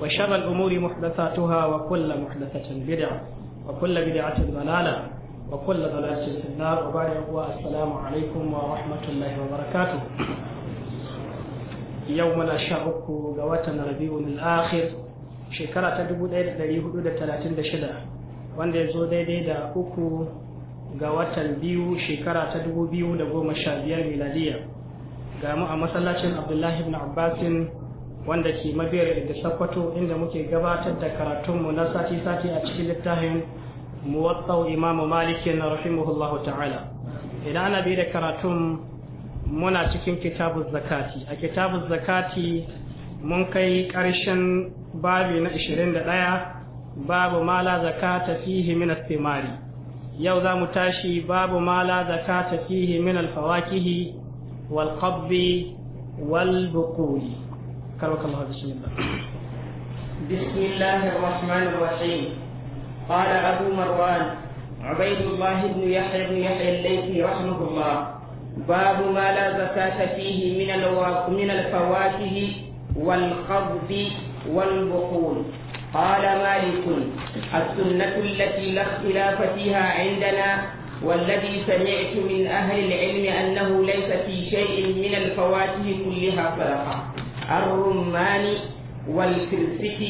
وشر الأمور محدثاتها وكل محدثة بدعة وكل بدعة ضلالة وكل ضلالة في النار وبعد السلام عليكم ورحمة الله وبركاته يوم لا شعبك قواتنا ربيع الآخر shekara ta 1436 wanda ya zo daidai da uku ga watan biyu shekara ta 2015 miladiya ga mu a masallacin abdullahi ibn abbasin wanda ke mabiyar da sakwato inda muke gabatar da karatunmu na sati-sati a cikin littafin muwattau imamu malikin na rahimahullahu ta'ala idan ana bi da karatun muna cikin kitabun zakati a kitabun zakati mun kai ƙarshen babi na 21 babu mala zakata fihi min thimari yau za mu tashi babu mala zakata fihi min alfawakihi wal qabbi wal كرمك الله بسم الله بسم الله الرحمن الرحيم قال أبو مروان عبيد الله بن يحيى بن يحيى الليثي رحمه الله باب ما لا زكاة فيه من من الفواكه والقضب والبخول قال مالك السنة التي لا اختلاف فيها عندنا والذي سمعت من أهل العلم أنه ليس في شيء من الفواكه كلها صدقة الرمان والفرسك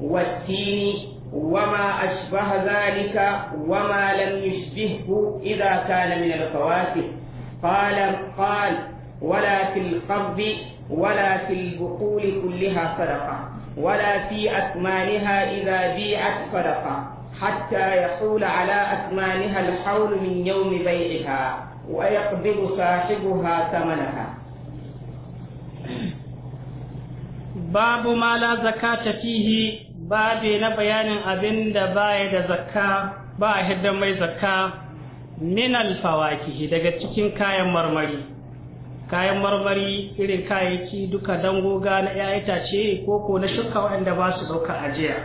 والتين وما أشبه ذلك وما لم يشبهه إذا كان من الفواكه قال قال ولا في القرب ولا في البقول كلها صدقة ولا في أثمانها إذا بيعت صدقة حتى يحول على أثمانها الحول من يوم بيعها ويقبض صاحبها ثمنها babu mala la zakata fihi babe na bayanin abin da baya da zakka ba a hidda mai zakka min alfawakihi daga cikin kayan marmari kayan marmari irin kayayyaki duka dangoga na 'ya'ya itace ko ko na shuka waɗanda ba su ɗauka ajiya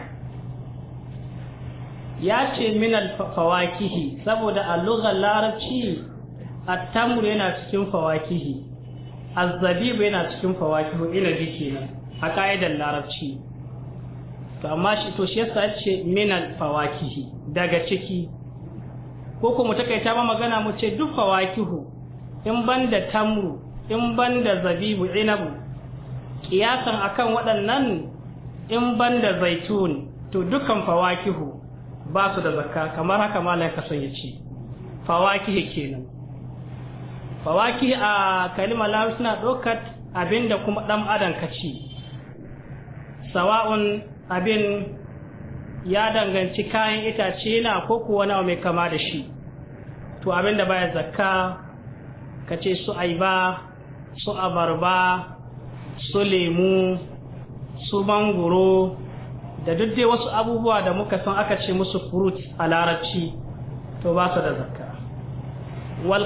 ya ce min alfawakihi saboda a lugar larabci attamur yana cikin fawakihi azzabibu yana cikin fawakihu inabi kenan a ƙa'idar larabci to amma shi to shi yasa ce minal fawakihi daga ciki ko ko mu takaita ma magana mu ce duk fawakihu in banda tamru in banda zabibu inabu kiyasan akan waɗannan in banda zaitun to dukan fawakihu ba su da zakka kamar haka malam ka sanya ya ce fawakihi kenan fawakihi a kalimar larabci suna ɗaukar abinda kuma ɗan adam ka ci sawa'un abin ya danganci kayan itace na ko kuwa nawa mai kama da shi to abin da baya zakka ka ce su aiba su abarba su lemu su mangoro da duk dai wasu abubuwa da muka san aka ce musu fruit a larabci to ba su da zakka wal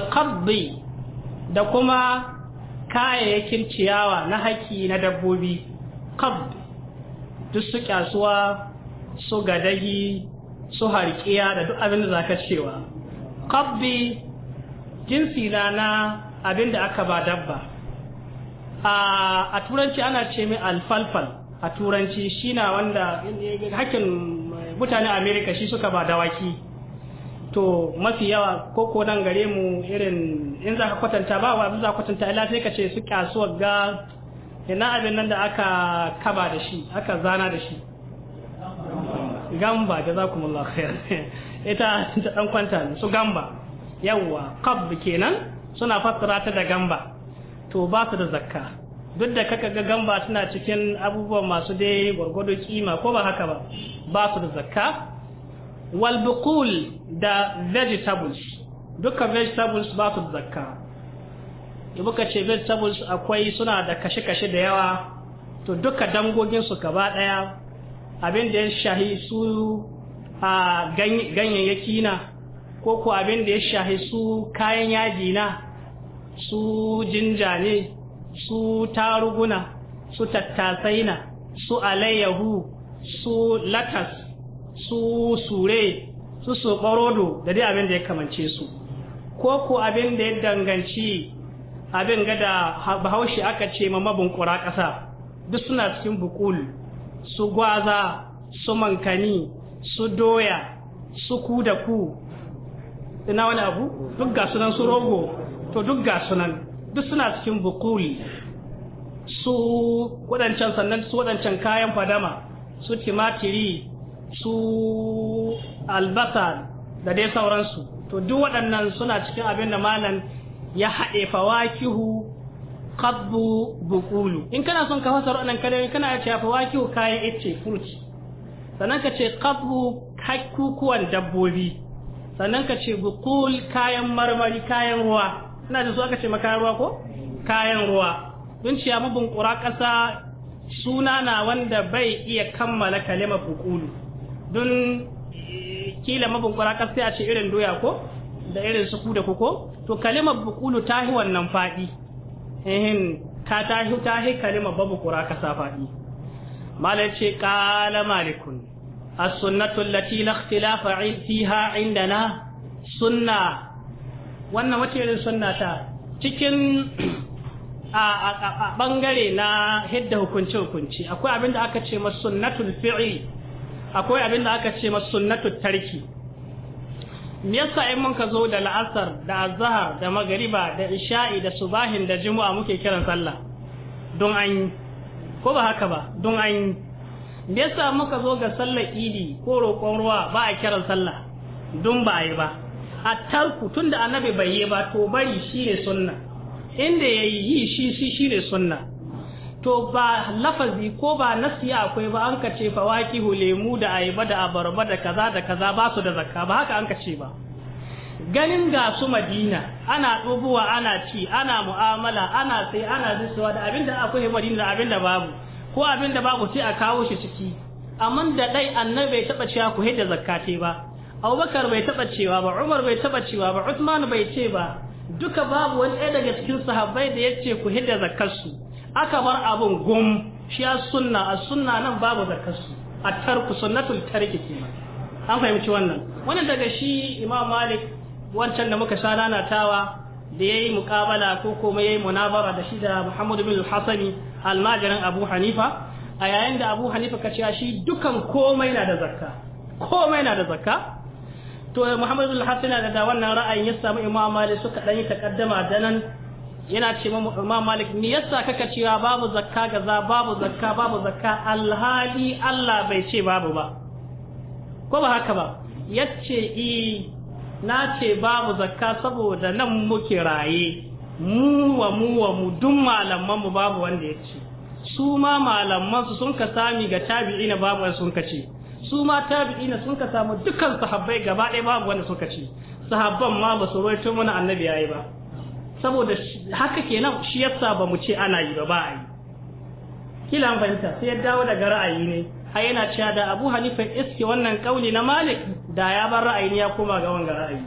da kuma kayayyakin ciyawa na haki na dabbobi qabd duk su kyasuwa su gadagi su harkiya da duk abin da za zaka cewa kabbi jinsi na na abin da aka ba dabba a turanci ana ce mai alfalfal a turanci shi na wanda hakin mutane amerika shi suka ba dawaki to mafi yawa ko ko nan gare mu irin in za ka kwatanta ba wa za ka kwatanta ila sai ka ce su kyasuwa ga ina abin nan da aka kaba da shi aka zana da shi gamba jazakumullah khair ita ta dan kwanta su gamba yawa qab kenan suna fassara ta da gamba to ba su da zakka duk da kaka ga gamba tana cikin abubuwa masu dai gwargwado kima ko ba haka ba ba su da zakka wal buqul da vegetables duka vegetables ba su da zakka da muka ce vegetables akwai suna da kashe-kashe da yawa to duka dangogin su gaba daya abin da ya shahi su a ganyayyaki na ko ko abin da ya shahi su kayan yaji na su jinja ne su taruguna su tattasai na su alayyahu su latas su sure su soɓarodo da dai abin da ya kamance su ko ko abin da ya danganci abin ga da bahaushe aka ce ma ƙura ƙasa duk suna cikin bukul su gwaza su mankani su doya su ku da ku ina wani abu duk ga sunan su rogo to duk ga sunan duk suna cikin bukul su waɗancan sannan su waɗancan kayan fadama su timatiri su albasa da dai sauransu to duk waɗannan suna cikin abin da malam ya haɗe fawakihu qabbu bukulu in kana son ka fasara wannan kalmomi kana ce fawakihu kayan ice fruit sannan ka ce qabbu kukuwan dabbobi sannan ka ce bukul kayan marmari kayan ruwa ina da su aka ce maka ruwa ko kayan ruwa don ciya mabun ƙura ƙasa suna na wanda bai iya kammala kalmar bukulu don kila mabun ƙura ƙasa ya ce irin doya ko da irin su ku da kuko to kalimar bukulu tahi wannan faɗi ehin ka tahi tahi kalimar babu kura ka sa faɗi malai ce qala malikun as-sunnatu allati la ikhtilafa fiha indana sunna wannan wace irin sunna ta cikin a bangare na hidda hukunci hukunci akwai abin da aka ce masunnatul fi'i akwai abin da aka ce masunnatul tarki Me yasa in mun ka zo da la'asar da azhar da magariba da isha'i da subahin da juma'a muke kiran sallah don an yi ko ba haka ba don an yi me yasa muka zo ga sallar idi ko roƙon ruwa ba a kiran sallah don ba a yi ba a tarku tunda annabi bai yi ba to bari shi ne sunna inda ya yi shi shi shi ne sunna to ba lafazi ko ba nasi akwai ba an ka ce fawakihu lemu da ayaba da abarba da kaza da kaza ba su da zakka ba haka an ka ce ba ganin ga su madina ana dubuwa ana ci ana mu'amala ana sai ana zuwa da abinda akwai madina abinda babu ko abinda babu sai a kawo shi ciki amma da dai annabi bai taba cewa ku hidda zakkate ba Abubakar bai taba cewa ba Umar bai taba cewa ba Uthman bai ce ba duka babu wani ɗaya daga cikin sahabbai da yace ku hidda zakkarsu aka bar abin gum shi as sunna a sunna nan babu zakarsu a tarku sunnatul tarki ma an fahimci wannan wani daga shi imam malik wancan da muka sha nanatawa da yayi muqabala ko kuma yayi munabara da shi da muhammad bin al-hasani almajirin abu hanifa a yayin da abu hanifa ka shi dukan komai na da zakka komai na da zakka to muhammad bin al na da wannan ra'ayin ya samu imam malik suka dan yi takaddama da nan yana ce imam malik me yasa kaka cewa babu zakka gaza babu zakka babu zakka alhali Allah bai ce babu ba ko ba haka ba yace i eh, na ce babu zakka saboda nan muke raye mu wa mu wa mu duk malaman mu babu wanda yace su ma malaman su sun ka sami ga tabi'ina babu wanda sun ka ce su ma tabi'ina sun ka samu dukkan sahabbai gaba ɗaya babu wanda sun ce sahabban ma ba su roito mana annabi yayi ba saboda haka kenan shi yasa ba mu ce ana yi ba ba a yi kila an fahimta sai ya dawo daga ra'ayi ne har yana cewa da Abu Hanifa iske wannan kauli na Malik da ya bar ra'ayi ne ya koma ga wanga ra'ayi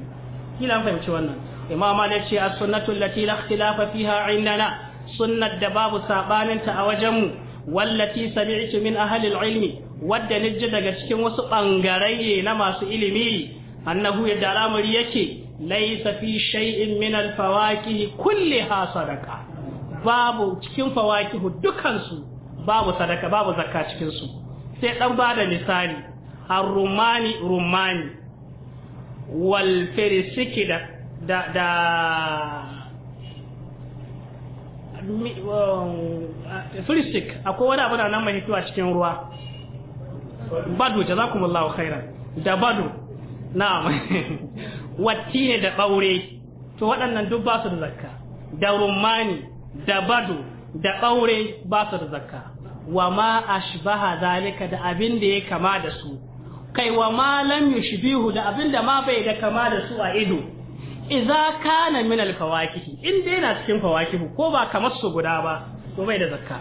kila an fahimci wannan Imam Malik ce as-sunnatu allati la ikhtilafa fiha indana sunnat da babu ta a wajen mu wallati sami'tu min ahli al-ilmi wadda nijji daga cikin wasu bangarai na masu ilimi annahu yadda al'amari yake laisa fi shay'in min al-fawakihi kulliha sadaqa babu cikin fawakihu dukansu babu sadaka babu zakka cikin su sai dan bada misali ar-rumani rumani wal firsiki da da da um, firsik akwai wani abu da nan mai hituwa cikin ruwa badu jazakumullahu khairan da badu na'am wattine da ɓaure to waɗannan duk ba su da zakka da rumani da bado da ɓaure ba su da zakka wa ma ashbaha zalika da abin da ya kama da su kai wa ma lam yushbihu da abin da ma bai da kama da su a ido idza kana min al fawakihi in dai yana cikin fawakihu ko ba kamar su guda ba to bai da zakka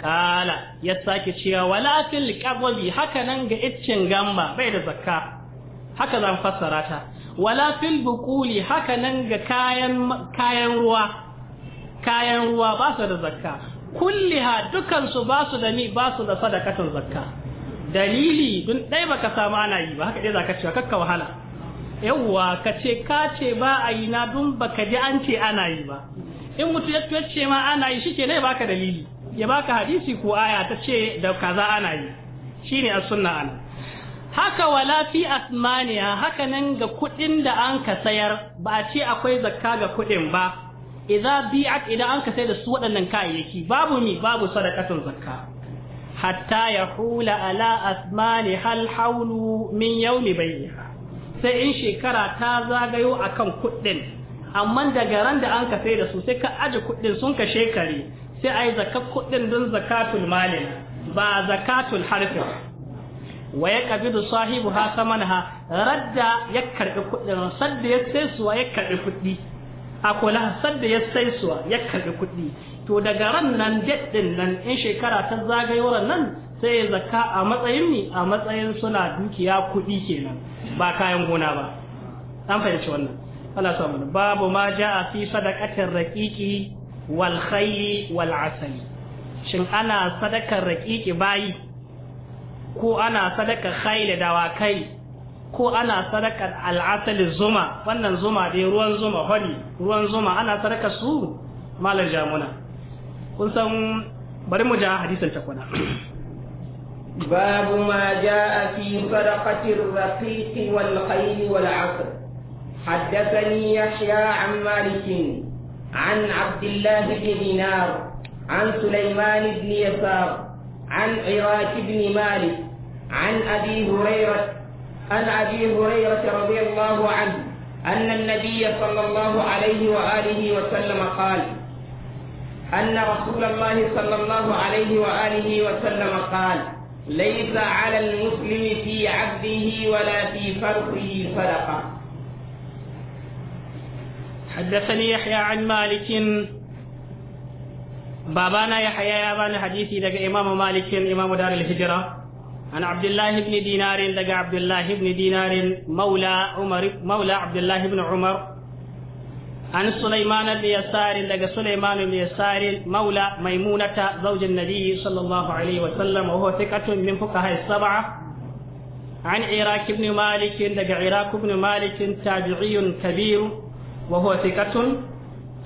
kala ya sake cewa wala fil haka nan ga iccin gamba bai da zakka haka zan fassara ta wala fil buquli haka nan ga kayan kayan ruwa kayan ruwa ba su da zakka kulliha dukan su ba su da ni ba su da sadakatun zakka dalili dun dai baka samu ana yi ba haka dai zaka cewa kakka wahala yawwa ka ce ka ce ba a yi na dun baka ji an ce ana yi ba in mutu ya ce ma ana yi shike ne baka dalili ya baka hadisi ko aya ta ce da kaza ana yi shine as-sunna ana haka wala fi asmaniya haka nan ga kuɗin da an ka sayar ba a ce akwai zakka ga kuɗin ba idza bi'at idan an ka sayar da su waɗannan kayayyaki babu mi babu sadaqatul zakka hatta yahula ala asmani hal haulu min yawmi bayyiha sai in shekara ta zagayo akan kuɗin amma daga ran da an ka sayar da su sai ka aje kuɗin sun ka shekare sai ai zakka kuɗin don zakatul malin ba zakatul harfi wa ya da sahibu ha ha radda ya kuɗi kuɗin sadda ya sai suwa ya karɓi kuɗi a kula sadda ya sai suwa ya karɓi kuɗi to daga ran nan daɗin nan in shekara ta zagayowar nan sai ya zaka a matsayin ni a matsayin suna dukiya kuɗi kenan ba kayan gona ba an fahimci wannan Allah samu babu ma ja'a fi sadaqatir raqiqi wal khayri shin ana sadakar raqiqi bayi ko ana sadaka khayl dawakai ko ana sadakar al'asali zuma wannan zuma dai ruwan zuma hali ruwan zuma ana sadaka su malar jamuna kun san bari mu ja hadisin ta kuna babu ma jaa fi sadaqatir raqiq wal khayl wal asr حدثني يحيى an malikin, an عبد الله بن دينار عن سليمان بن يسار عن عراك بن مالك عن أبي هريرة عن أبي هريرة رضي الله عنه أن النبي صلى الله عليه وآله وسلم قال أن رسول الله صلى الله عليه وآله وسلم قال ليس على المسلم في عبده ولا في فرقه صدقة حدثني يحيى عن مالك بابانا يحيى يا بان حديثي لك إمام مالك إمام دار الهجرة عن عبد الله بن دينار لقى عبد الله بن دينار مولى عمر مولى عبد الله بن عمر عن سليمان بن يسار لقى سليمان بن يسار مولى ميمونة زوج النبي صلى الله عليه وسلم وهو ثقة من فقهاء السبعة عن عراك بن مالك لقى عراك بن مالك تابعي كبير وهو ثقة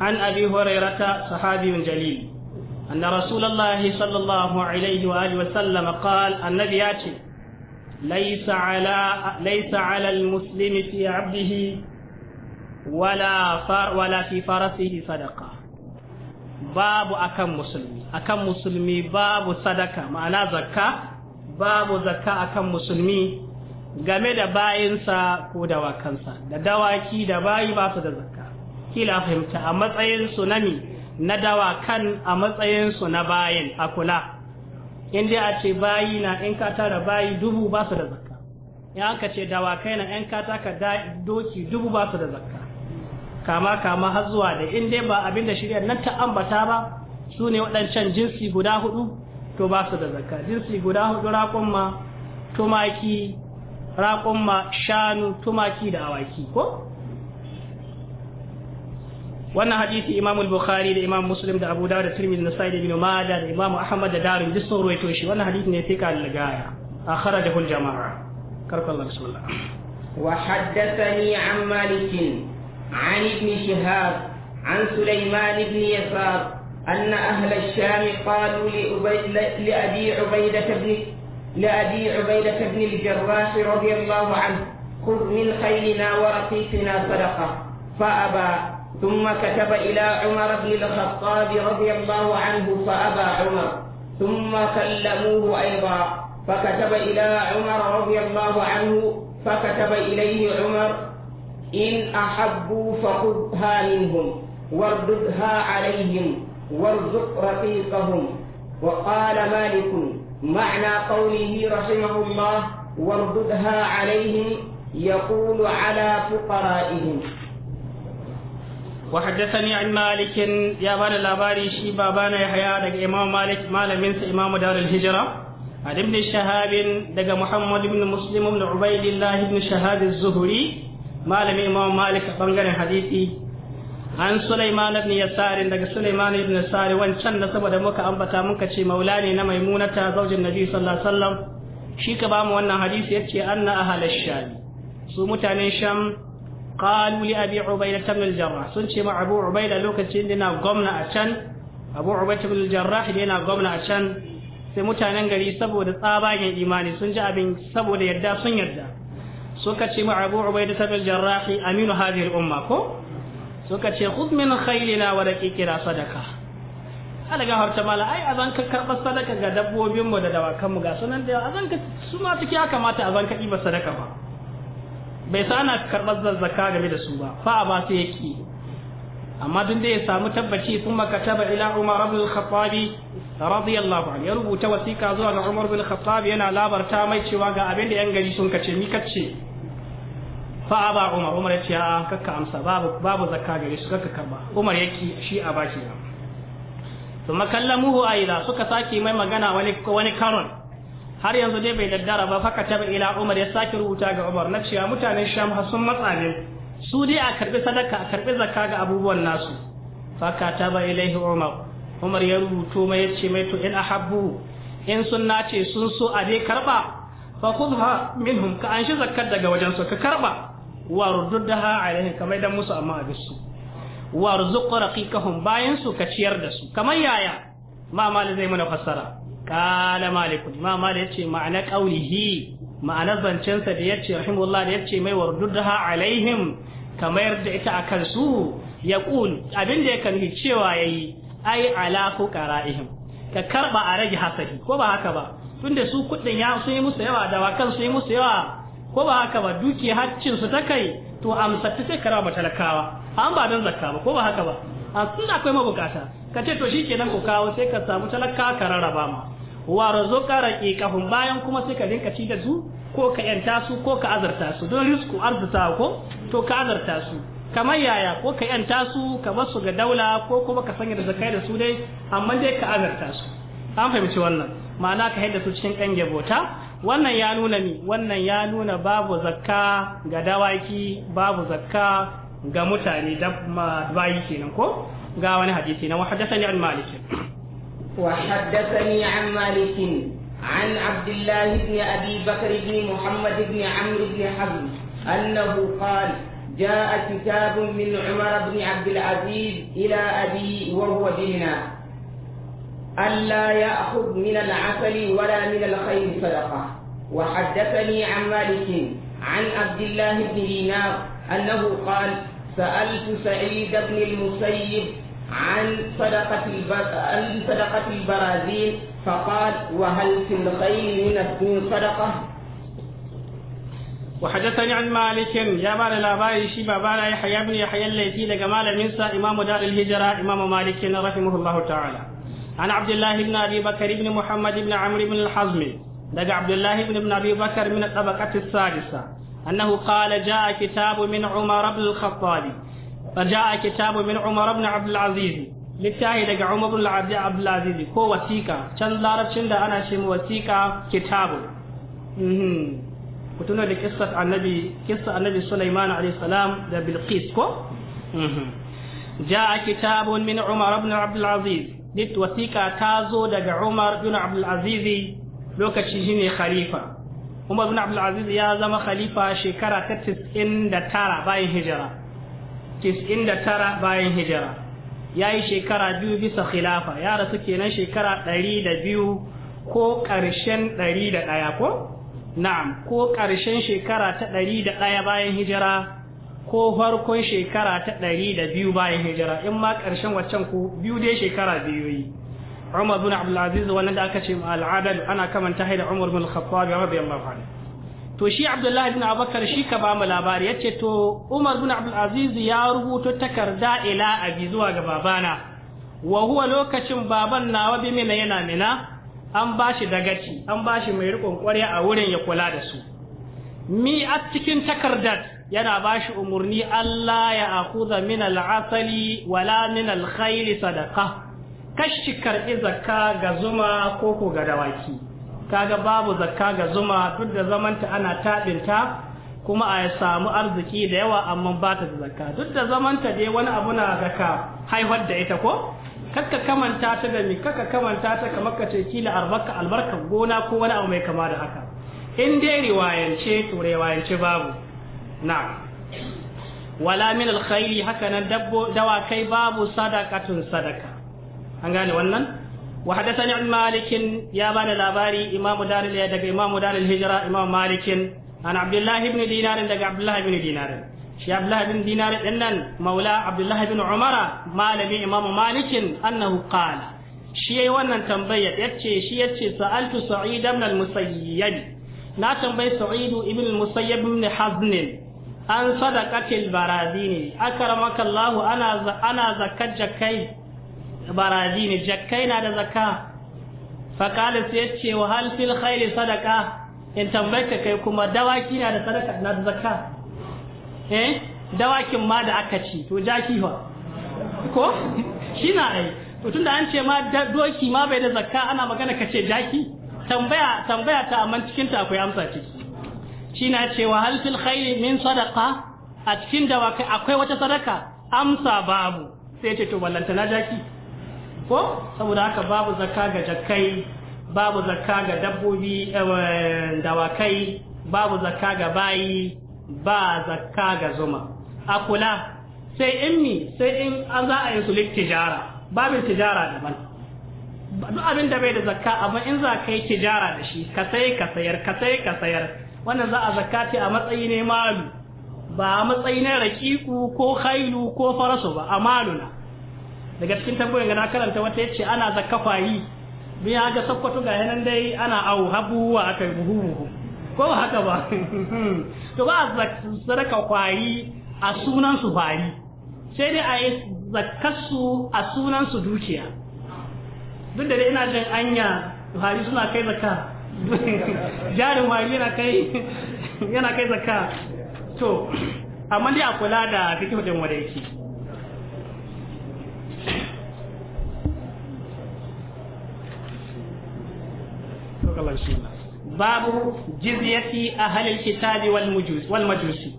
عن أبي هريرة صحابي جليل أن رسول الله صلى الله عليه وآله وسلم قال النبي ياتي ليس على ليس على المسلم في عبده ولا فر ولا في فرسه صدقة باب أكم مسلمي أكم مسلمي باب صدقة معنى زكاة باب زكاة أكم مسلمي game da bayinsa ko dawakansa da dawaki da bayi ba su da zakka kila fahimta a matsayinsu na ne na dawakan a matsayinsu na bayin a kula in dai a ce bayi na in ka tara bayi dubu ba su da zakka in aka ce dawakai na in ka taka doki dubu ba su da zakka kama kama har zuwa da in dai ba abin da shirya nan ta ambata ba su ne waɗancan jinsi guda hudu to ba su da zakka jinsi guda hudu raƙumma tumaki raƙumma shanu tumaki da awaki ko wannan hadisi imam al-bukhari da imam muslim da abu dawud da tirmidhi da nasai da ibn majah da imam ahmad da darun duk sun ruwaito shi wannan hadisi ne sai ka al-gaya akhrajahu al-jama'a karkallahu bismillah wa haddathani an malik an ibn shihab an sulaiman ibn yasar أن أهل الشام قالوا لأبي عبيدة بن لأبي عبيدة بن الجراح رضي الله عنه خذ من خيلنا ورقيقنا صدقة فأبى ثم كتب إلى عمر بن الخطاب رضي الله عنه فأبى عمر ثم كلموه أيضا فكتب إلى عمر رضي الله عنه فكتب إليه عمر إن أحبوا فخذها منهم وارددها عليهم وارزق رقيقهم وقال مالك معنى قوله رحمه الله وارددها عليهم يقول على فقرائهم وحدثني عن مالك يا بان الأباري شي بابانا يحيى دق إمام مالك مال منس إمام دار الهجرة عن ابن شهاب دق محمد بن مسلم بن عبيد الله بن شهاب الزهري مال إمام مالك بنغر حديثي عن سليمان بن يسار دق سليمان بن يسار وان كان سبب مك أنبتا منك شي مولاني نميمونة زوج النبي صلى الله عليه وسلم شي كبام وانا حديث يتي أن أهل الشام su mutanen sham qalu li abi ubayda ibn al-jarrah sun ce ma abu ubayda lokacin da a can abu ubayda ibn gwamna a can gari saboda tsabagen imani sun ji abin saboda yarda sun yarda suka ce ma abu ubayda ibn al-jarrah aminu hadhihi al-umma ko suka ce na min khaylina wa daqiqina sadaka harta mala ai azan ka karɓar sadaka ga dabbobinmu da dawakanmu ga sunan da azan ka su ma ciki ya kamata azan ka iba sadaka ba bai sa ana karɓar zazzaka game da su ba fa ba su yake amma duk da ya samu tabbaci sun makataba ila umar bin khattabi radiyallahu anhu ya rubuta wasiƙa zuwa ga umar bin khattabi yana labarta mai cewa ga abin da yan gari sun kace ni kace fa ba umar umar ya ce a kakka amsa babu babu zakka gare su kakka karba umar yake shi a baki na ثم كلموه أيضا سكتاكي ما مغنى وني كارون har yanzu dai bai daddara ba faka taba ila Umar ya sake rubuta ga Umar na cewa mutanen Sham har sun su dai a karbi sadaka a karbi zakka ga abubuwan nasu faka taba ilaihi Umar Umar ya rubuto mai ce mai to in ahabbu in sun nace sun so a dai karba fa khudha minhum ka an shi zakkar daga wajen su ka karba wa ruddaha alaihi kamar dan musu amma bisu wa rzuq raqiqahum bayan su ka ciyar da su kamar yaya ma Mali zai mana fassara kala malik imam malik yace ma'ana qaulihi ma'anar zancensa da yace rahimullah da yace mai wardudaha alaihim kamar da ita akan ya yaqul abin da ya nufi cewa ya yi ai ala fuqara'ihim ka karba a rage hasari ko ba haka ba tun da su kudin ya sun yi musu yawa da wakan sun yi musu yawa ko ba haka ba duki haccin su ta kai to amsa ta sai karaba talakawa an ba don zakka ba ko ba haka ba a sun akwai mabukata ka ce to shikenan ku kawo sai ka samu talakawa ka rarraba ma wa razuqa raqiqahum bayan kuma sai ka dinka ci da su ko ka yanta su ko ka azarta su don risku arzuta ko to ka azarta su kamar yaya ko ka yanta su ka bar su ga daula ko kuma ka sanya da zakai da su dai amma dai ka azarta su an fahimci wannan ma'ana ka haida su cikin ɗan bota wannan ya nuna ni wannan ya nuna babu zakka ga dawaki babu zakka ga mutane da bayi kenan ko ga wani hadisi na hadathani al-maliki وحدثني عن مالك عن عبد الله بن أبي بكر بن محمد بن عمرو بن حزم أنه قال جاء كتاب من عمر بن عبد العزيز إلى أبي وهو بمنى ألا يأخذ من العسل ولا من الخير صدقة وحدثني عن مالك عن عبد الله بن دينار أنه قال سألت سعيد بن المسيب عن صدقة عن صدقة البرازيل فقال وهل في الخيل من صدقة وحدثني عن مالك يا بار باي شي بابا يحيى بن يحيى الليثي daga malaminsa امام دار الهجره امام مالك رحمه الله تعالى عن عبد الله بن ابي بكر بن محمد بن عمرو بن الحزم لدى عبد الله بن ابن ابي بكر من الطبقه السادسه انه قال جاء كتاب من عمر بن الخطاب فجاء كتاب من عمر بن عبد العزيز littahi daga Umar bin Abdulaziz ko wasiƙa can larabcin da ana ce wasiƙa kitabu mhm ku tuna da kissar annabi kissar annabi Sulaiman alayhi salam da Bilqis ko mhm جاء كتاب من عمر بن عبد العزيز ديت وثيقة تازو دقى عمر بن عبد العزيز لوكا تشيني خليفة عمر بن عبد العزيز يا زما خليفة شكرا تتس إن دتارا باين هجرة tara bayan hijira ya yi shekara biyu bisa khilafa ya rasu kenan shekara ɗari da ko ƙarshen 101 da ko na'am ko ƙarshen shekara ta 101 da ɗaya bayan hijira ko farkon shekara ta ɗari da biyu bayan hijira in ma ƙarshen waccan ku biyu dai shekara biyu yi Umar bin Abdulaziz wannan da aka ce ma al'adal ana kamanta haida Umar bin Khattab radiyallahu anhu to shi abdullahi bin Abakar shi ka bamu labari ce to umar bin abdul ya rubuto takarda ila abi zuwa ga babana wa huwa lokacin baban nawa bi mina yana mina an bashi dagaci an bashi mai rikon kwarya a wurin ya kula da su mi a cikin takardar yana ba shi umurni Allah ya akuza min al-asali wala min al-khayl sadaqa kashi karbi zakka ga zuma ko ko ga dawaki kaga babu zakka ga zuma duk da zamanta ana taɗinta kuma a samu arziki da yawa amma ba ta da zakka duk da zamanta dai wani abu na zakka haifar da ita ko kakka kamanta ta da mi kakka kamanta ta kamar ka ce kila albarka albarka gona ko wani abu mai kama da haka in dai riwayance to riwayance babu na wala min alkhairi haka nan dabbo kai babu sadaqatun sadaka an gane wannan وحدثني عن مالك يا بان الاباري امام دار الهجره امام دار الهجره امام مالك عن عبد الله بن دينار دغ عبد الله بن دينار شي عبد الله بن دينار دنن مولى عبد الله بن عمر مالك امام مالك انه قال shi yayi wannan tambaya yace shi yace sa'altu sa'id ibn al-musayyib na tambayi sa'id ibn al-musayyib ibn hazn an sadaqatil barazini akramaka Allah ana ana zakajja kai baraji ne jakkai na da zakka fakala sai ya ce wa hal fil khairi sadaka in tambayka kai kuma dawaki na da sadaka na da zakka eh dawakin ma da aka ci to jaki fa ko shi na ai to tunda an ce ma doki ma bai da zakka ana magana kace jaki tambaya tambaya ta amma cikin ta akwai amsa ce, shi na cewa hal fil khaili min sadaqa a cikin dawakai akwai wata sadaka amsa babu sai ce to ballanta na jaki ko saboda haka babu zakka ga jakkai babu zakka ga dabbobi eh, dawakai babu zakka ga bayi ba zakka ga zuma a kula sai in sai in an za a yi su tijara babin tijara daban duk abin da bai da zakka amma in za ka yi tijara da shi ka sai ka sayar ka sai ka sayar wannan za a zakati ce a matsayi ne malu ba a matsayi na rakiku ko hailu ko farasu ba a maluna daga cikin tambayoyin ga na karanta wata yace ana zakka fari bin ya ga sakkwato ga yanan dai ana au habuwa aka buhu muhu, ko ba haka ba to ba sadaka kwari a sunan su bari sai dai a yi zakkarsu a sunan su dukiya duk da dai ina jin anya fari suna kai zakka jarin wari yana kai yana kai zakka to amma dai a kula da fikihu wadai wanda kallon shi babu jizyati ahlil kitabi wal mujus wal majusi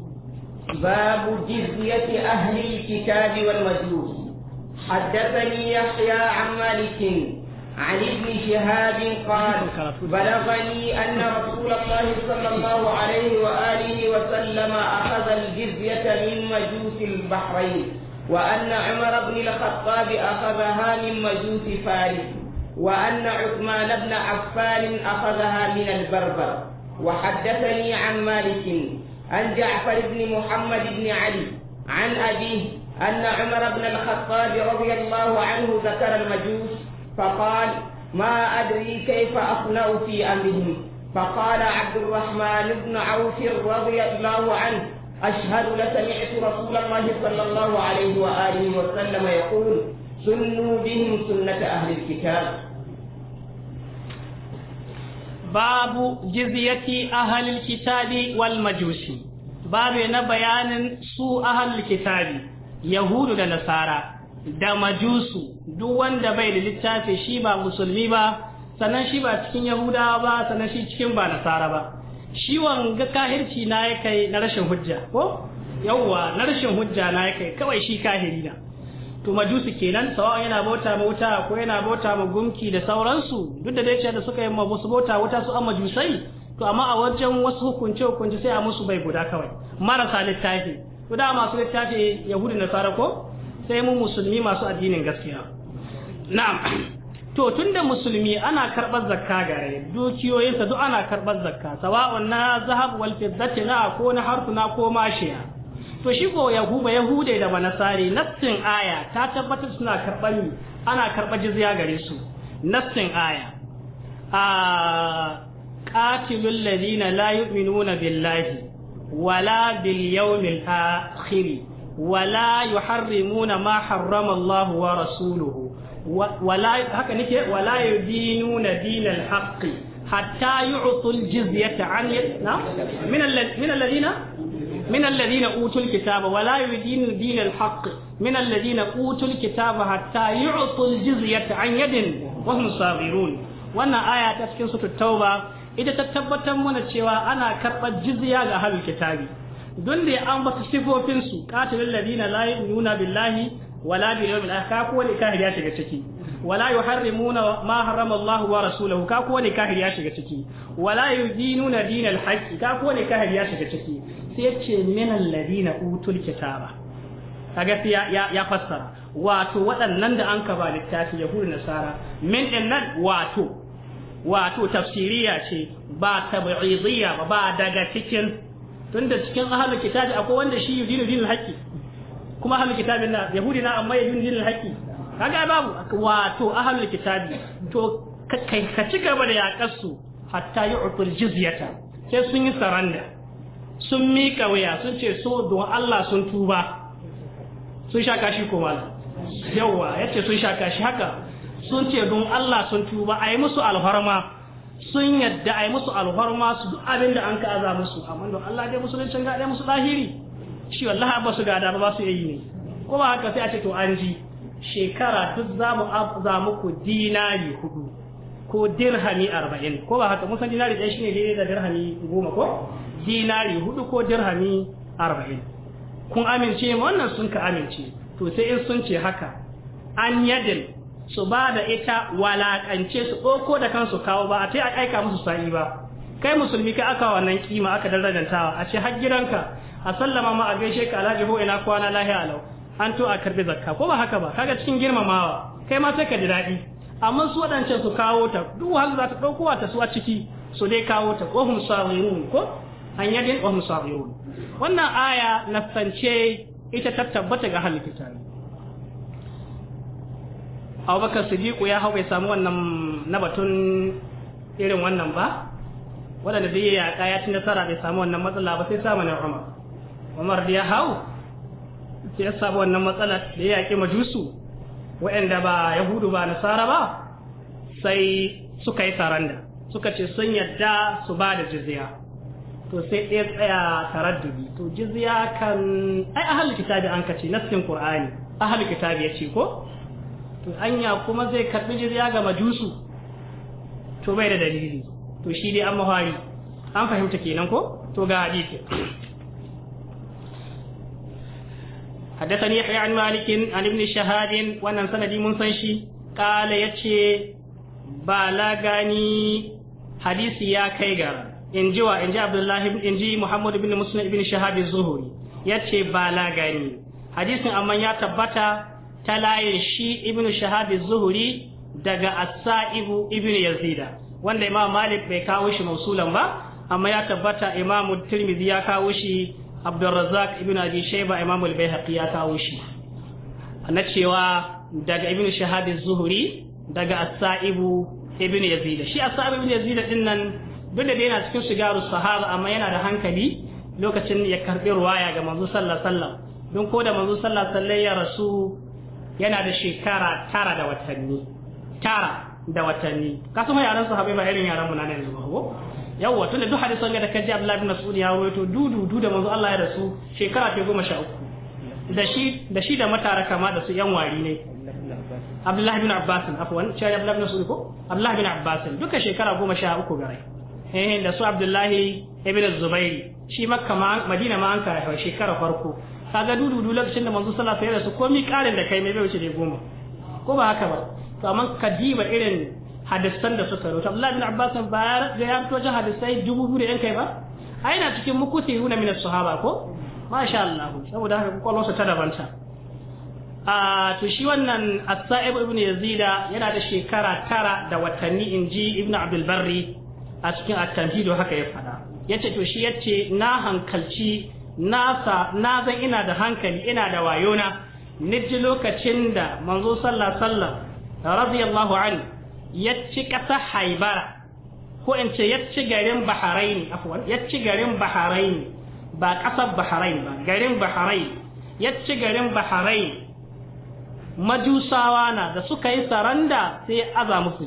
babu jizyati ahlil kitabi wal majus حدثني يحيى عن مالك عن ابن شهاب قال بلغني أن رسول الله صلى الله عليه وآله وسلم أخذ الجزية من مجوس البحرين وأن عمر بن الخطاب أخذها من مجوس فارس وأن عثمان بن عفان أخذها من البربر وحدثني عن مالك عن جعفر بن محمد بن علي عن أبيه أن عمر بن الخطاب رضي الله عنه ذكر المجوس فقال ما أدري كيف أصنع في أمرهم فقال عبد الرحمن بن عوف رضي الله عنه أشهد لسمعت رسول الله صلى الله عليه وآله وسلم يقول سنوا بهم سنة أهل الكتاب باب جزية أهل الكتاب والمجوس باب na سوء أهل الكتاب يهود Yahudu da majusu duk wanda bai da littafi shi ba musulmi ba sannan shi ba cikin yahudawa ba sannan shi cikin ba nasara ba shi wanga kahirci na ya kai na rashin hujja ko yawwa na rashin hujja na ya kai kawai shi kahiri na to majusi kenan sawa yana bauta ma wuta ko yana bauta ma gunki da sauransu duk da dai da suka yi ma wasu bauta wuta su an majusai to amma a wajen wasu hukunce hukunce sai a musu bai guda kawai marasa littafi to da masu littafi yahudi na sara ko sai mu musulmi masu addinin gaskiya na'am to tunda musulmi ana karɓar zakka gare dukiyoyinsa duk ana karɓar zakka sawa'un na zahab wal fiddati na ko na harfu na ko mashiya to shi ko yahuba yahude da banasare nassin aya ta tabbatar suna karɓar ana karɓar jizya gare su nassin aya a qatilul ladina la yu'minuna billahi wala bil yawmil akhir wala yuharrimuna ma harrama Allah wa rasuluhu wala haka nake wala yudinuna dinal haqqi hatta yu'tul jizyata an min alladina من الذين أوتوا الكتاب ولا يدين دين الحق من الذين أوتوا الكتاب حتى يعطوا الجزية عن يد وهم صاغرون wannan aya ta cikin sutu tauba ita ta tabbatar mana cewa ana karɓar jizya ga ahlul kitabi don an bata sifofin su qatilul ladina la yu'minuna billahi wala bil yawmil akhir ka ko ne kahir ya shiga ciki wala yuharrimuna ma harrama Allah wa ka ciki wala ka ciki sai minan minal ladina utul kitaba kaga sai ya ya fassara wato waɗannan da an ka ba littafi yahudu nasara min din nan wato wato tafsiriya ce ba tab'idiyya ba ba daga cikin tunda cikin ahlul kitabi akwai wanda shi yudinu dinul haqqi kuma ahlul kitabin na yahudi na amma yudinu dinul haqqi kaga babu wato ahlul kitabi to kai ka ci gaba da yakar su hatta yu'tul jizyata sai sun yi saranda sun miƙa wuya sun ce so don Allah sun tuba sun sha kashi ko mala yawa ce sun sha kashi haka sun ce don Allah sun tuba a yi musu alfarma sun yadda a yi musu alfarma su duk abin da an kaza musu amma don Allah dai musuluncin ga dai musu lahiri shi wallahi ba su gada ba su yi ne ko ba haka sai a ce to an ji shekara duk za mu za ku dinari hudu ko dirhami arba'in ko ba haka mun san dinari ɗaya shine daidai da dirhami goma ko dinari hudu ko dirhami arba'in kun amince ma wannan sun ka amince to sai in sun ce haka an yadin su ba da ita walakance su ɗauko da kansu kawo ba a ta yi aika musu sa'i ba kai musulmi ka aka wannan kima aka darajantawa a ce har gidanka a sallama ma a gaishe ka alhaji ko ina kwana lahiya alau an to a karbi zakka ko ba haka ba kaga cikin girmamawa kai ma sai ka ji daɗi amma su waɗancan su kawo ta duk wahala za ta ɗauko ta su a ciki su dai kawo ta ko hum ko an yadin wa musafirun wannan aya sance ita ta tabbata ga ahlul kitabi Abubakar Siddiqu ya hau bai samu wannan na batun irin wannan ba waɗanda dai ya yaƙa ya ci nasara bai sami wannan matsala ba sai samu na Umar Umar da ya hau sai ya samu wannan matsala da ya yaƙi majusu waɗanda ba Yahudu ba Nasara ba sai suka yi saranda suka ce sun yadda su ba da jizya to sai ɗaya tsaya taraddudi to jizya kan ai ahal kitabi an kace nassin qur'ani ahal kitabi yace ko to anya kuma zai karbi jizya ga majusu to bai da dalili to shi dai an mahari an fahimta kenan ko to ga hadisi حدثني يحيى عن مالك عن ابن شهاد وانا سندي منسنشي قال يتشي hadisi حديث يا ga. in ji wa in ji abdullahi in ji Muhammadu bin muslim ibn shahab zuhuri ce ba la gani hadisin amma ya tabbata ta layin shi ibn shahab zuhuri daga Asa'ibu ibn yazida wanda imam malik bai kawo shi mausulan ba amma ya tabbata imam tirmidhi ya kawo shi abdurrazzaq ibn abi shayba imam al ya kawo shi na cewa daga ibn shahab zuhuri daga Asa'ibu ibn yazida shi Asa'ibu ibn yazida din nan duk da yana cikin shigaru sahaba amma yana da hankali lokacin ya karbi ruwaya ga manzo sallallahu alaihi wasallam don ko da manzo sallallahu alaihi wasallam ya rasu yana da shekara tara da watanni tara da watanni ka san yaran sahabbai ba irin yaran mu na yanzu ba ko yawa tunda duk hadisan da kaji Abdullahi bin Mas'ud ya wato dudu dudu da manzo Allah ya rasu shekara ta 13 da shi da shi da matara kama da su yan wari ne Abdullahi bin Abbas afwan shi Abdullahi bin Mas'ud ko Abdullahi bin Abbas duka shekara 13 garai eh da su abdullahi ibn zubairi shi makka madina ma an kara shekara farko kaga dudu dudu lokacin da manzo sallallahu alaihi wasallam su komi karin da kai mai bai wuce da goma ko ba haka ba to amma kadiba irin hadisan da suka rubuta Abdullahi ibn Abbas ba ya yanto jin hadisai dubu biyu da yan kai ba ai na cikin mukuti huna min sahaba ko masha Allah saboda haka kwallon sa ta dabanta a to shi wannan as-sa'ib ibn yazida yana da shekara tara da watanni inji ibn abdul barri a cikin attamhido haka ya fada yace to shi yace na hankalci nasa na zan ina da hankali ina da wayona niji lokacin da manzo sallah sallah radiyallahu an ya ci kasa haibara ko in ce ya ci garin baharain afwan ya ci garin baharain ba kasar bahrain ba garin baharain ya ci garin baharain majusawa na da suka yi saranda sai ya aza musu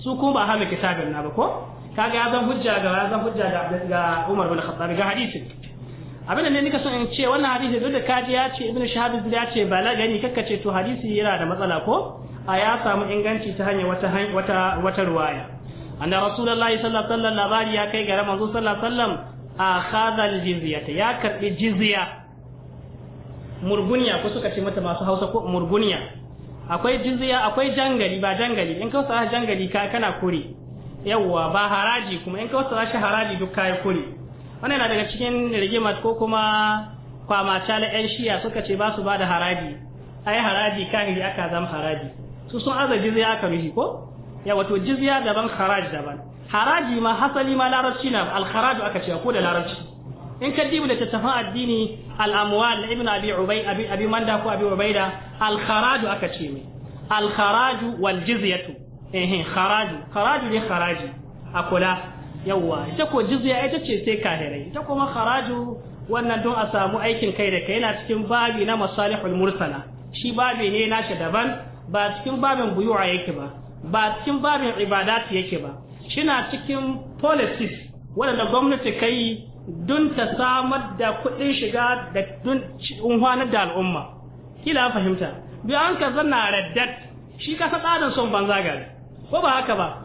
su kuma ba hana kitabin na ba ko kaga ya zan hujja ga ya zan hujja ga Umar bin Khattab ga hadisin abin da ne nika son in ce wannan hadisi duk da kaji ya ce Ibn Shahab ya ce gani kakka ce to hadisi yana da matsala ko a ya samu inganci ta hanyar wata wata wata ruwaya anna rasulullahi sallallahu alaihi wasallam labari ya kai ga manzo sallallahu alaihi wasallam akhadha jizya ya karbi jizya murgunya ko suka ce mata masu Hausa ko murgunya akwai jizya akwai jangali ba jangali in ka sa jangali ka kana kore yawwa ba haraji kuma in ka wasu shi haraji duk kayi kuri wani na daga cikin rigimat ko kuma kwamata na yan shiya suka ce ba su ba da haraji ai haraji kahiri aka zama haraji su sun aza jizya aka ruhi ko ya wato jizya daban haraj daban haraji ma hasali ma larabci na alharaju aka ce ko da larabci in ka dibu da tattafan addini al'amwal na ibn abi ubai abi manda ko abi ubaida alharaju aka ce mai alharaju wal jizyatu eh kharaji kharaju ne kharaji a kula yawa ita ko jizya ita ce sai kahirai ita kuma kharaju wannan don a samu aikin kai da kai yana cikin babi na masalihul mursala shi babi ne shi daban ba cikin babin buyu'a yake ba ba cikin babin ibadat yake ba shina cikin policies wadanda gwamnati kai don ta samar da kuɗin shiga da don da al'umma kila fahimta bi an ka zanna raddat shi ka sa tsarin son banza gari ko ba haka ba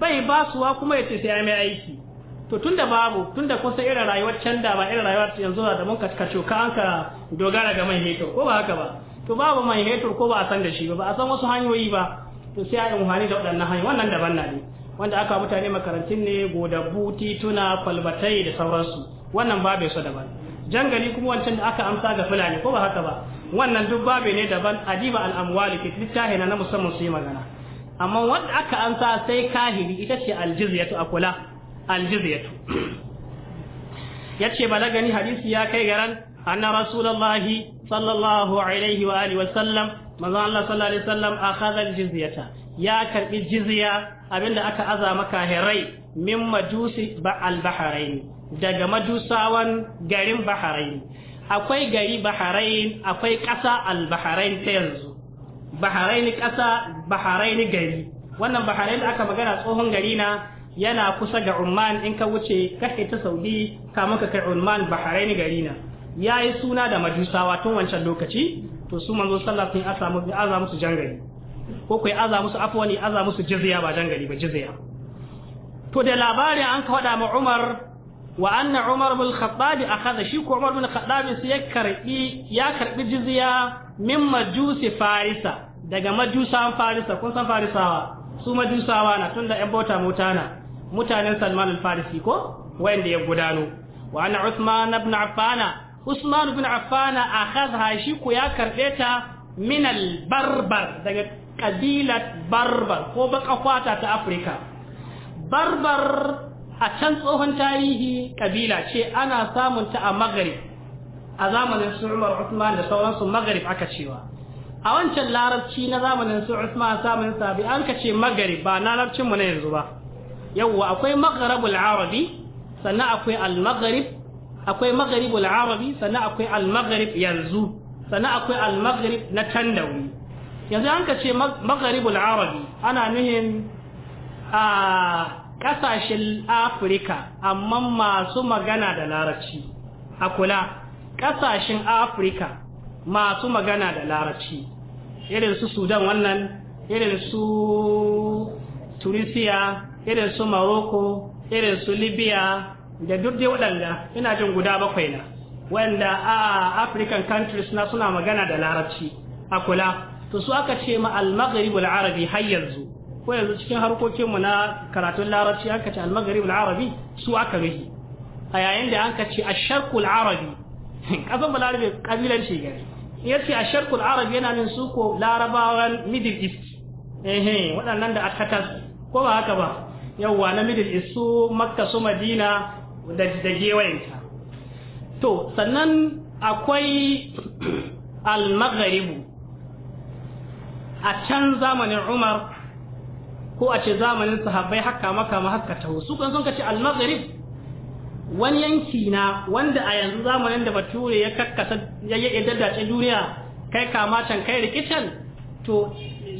bai basuwa kuma ya ce sai mai aiki to tunda babu tunda kun san irin rayuwar canda ba irin rayuwar yanzu da mun kaskaco ka anka dogara ga mai hetur ko ba haka ba to babu mai hetur ko ba a san da shi ba a san wasu hanyoyi ba to sai a yi muhani da waɗannan hanyoyi wannan daban na ne wanda aka mutane makarantun ne buti tituna kwalbatai da sauransu wannan ba bai so daban jangali kuma wancan da aka amsa ga fulani ko ba haka ba wannan duk babu ne daban adiba al'amwali ke littafi na musamman su yi magana amma wanda aka ansa sai kahiri ita ce aljizyatu a kula aljizyatu yace balagani hadisi ya kai garan anna rasulullahi sallallahu alaihi wa alihi sallam manzo Allah sallallahu alaihi wasallam akhadha aljizyata ya karbi jizya abinda aka aza maka hirai min majusi ba albahrain daga majusawan garin bahrain akwai gari bahrain akwai ƙasa albahrain ta yanzu baharaini ƙasa baharaini gari wannan baharain da aka magana tsohon gari na yana kusa ga Umman in ka wuce ka ta Saudi ka ka kai Umman baharaini gari na yayi suna da majusawa tun wancan lokaci to su manzo sallallahu alaihi wasallam ya aza musu jangari ko kai aza musu afwani aza musu jizya ba jangari ba jizya to da labarin an ka wada ma Umar wa anna Umar bin Khattab akhadha shi ko Umar bin Khattab sai ya karbi ya karbi jizya min majusi farisa daga majusan farisa kun san farisawa su majusawa na tunda yan bauta mota na mutanen salman al-farisi ko wanda ya gudano wa ana usman ibn affana usman ibn affana akhadha shi ku ya karbe ta min al-barbar daga kabilat barbar ko baka kwata ta afirka barbar a can tsohon tarihi kabila ce ana samunta a maghrib a zamanin su Umar Uthman da sauransu Maghrib aka cewa a wancan larabci na zamanin su Uthman zamanin sabi an ka ce Maghrib ba na larabcin mu na yanzu ba yawwa akwai Maghribul Arabi sannan akwai Al-Maghrib akwai Maghribul Arabi sannan akwai Al-Maghrib yanzu sannan akwai Al-Maghrib na Tandawi yanzu an ka ce Maghribul Arabi ana nuhin a kasashen Afirka amma masu magana da larabci a kula ƙasashen afirka masu magana da larabci irin su sudan wannan irin su tunisia irin su morocco irin su libya da duk dai waɗanda ina jin guda bakwai na wanda a african countries na suna magana da larabci a kula to su aka ce ma al-maghrib har yanzu ko yanzu cikin harkokinmu na karatun larabci aka ce al-maghrib arabi su aka ruhi a yayin da aka ce ash-sharq arabi kasan balarabe kabilan shi gari ya ce a sharkul arab yana nan su ko larabawan middle east ehe waɗannan da aka ko ba haka ba yawwa na middle east su makka su madina da gewayenta to sannan akwai al-magharibu a can zamanin umar ko a ce zamanin sahabbai haka maka ma haka ta su kan sun ce al-maghrib wani yanki na wanda a yanzu zamanin da bature ya kakkasa ya yi daddace duniya kai can kai rikicin to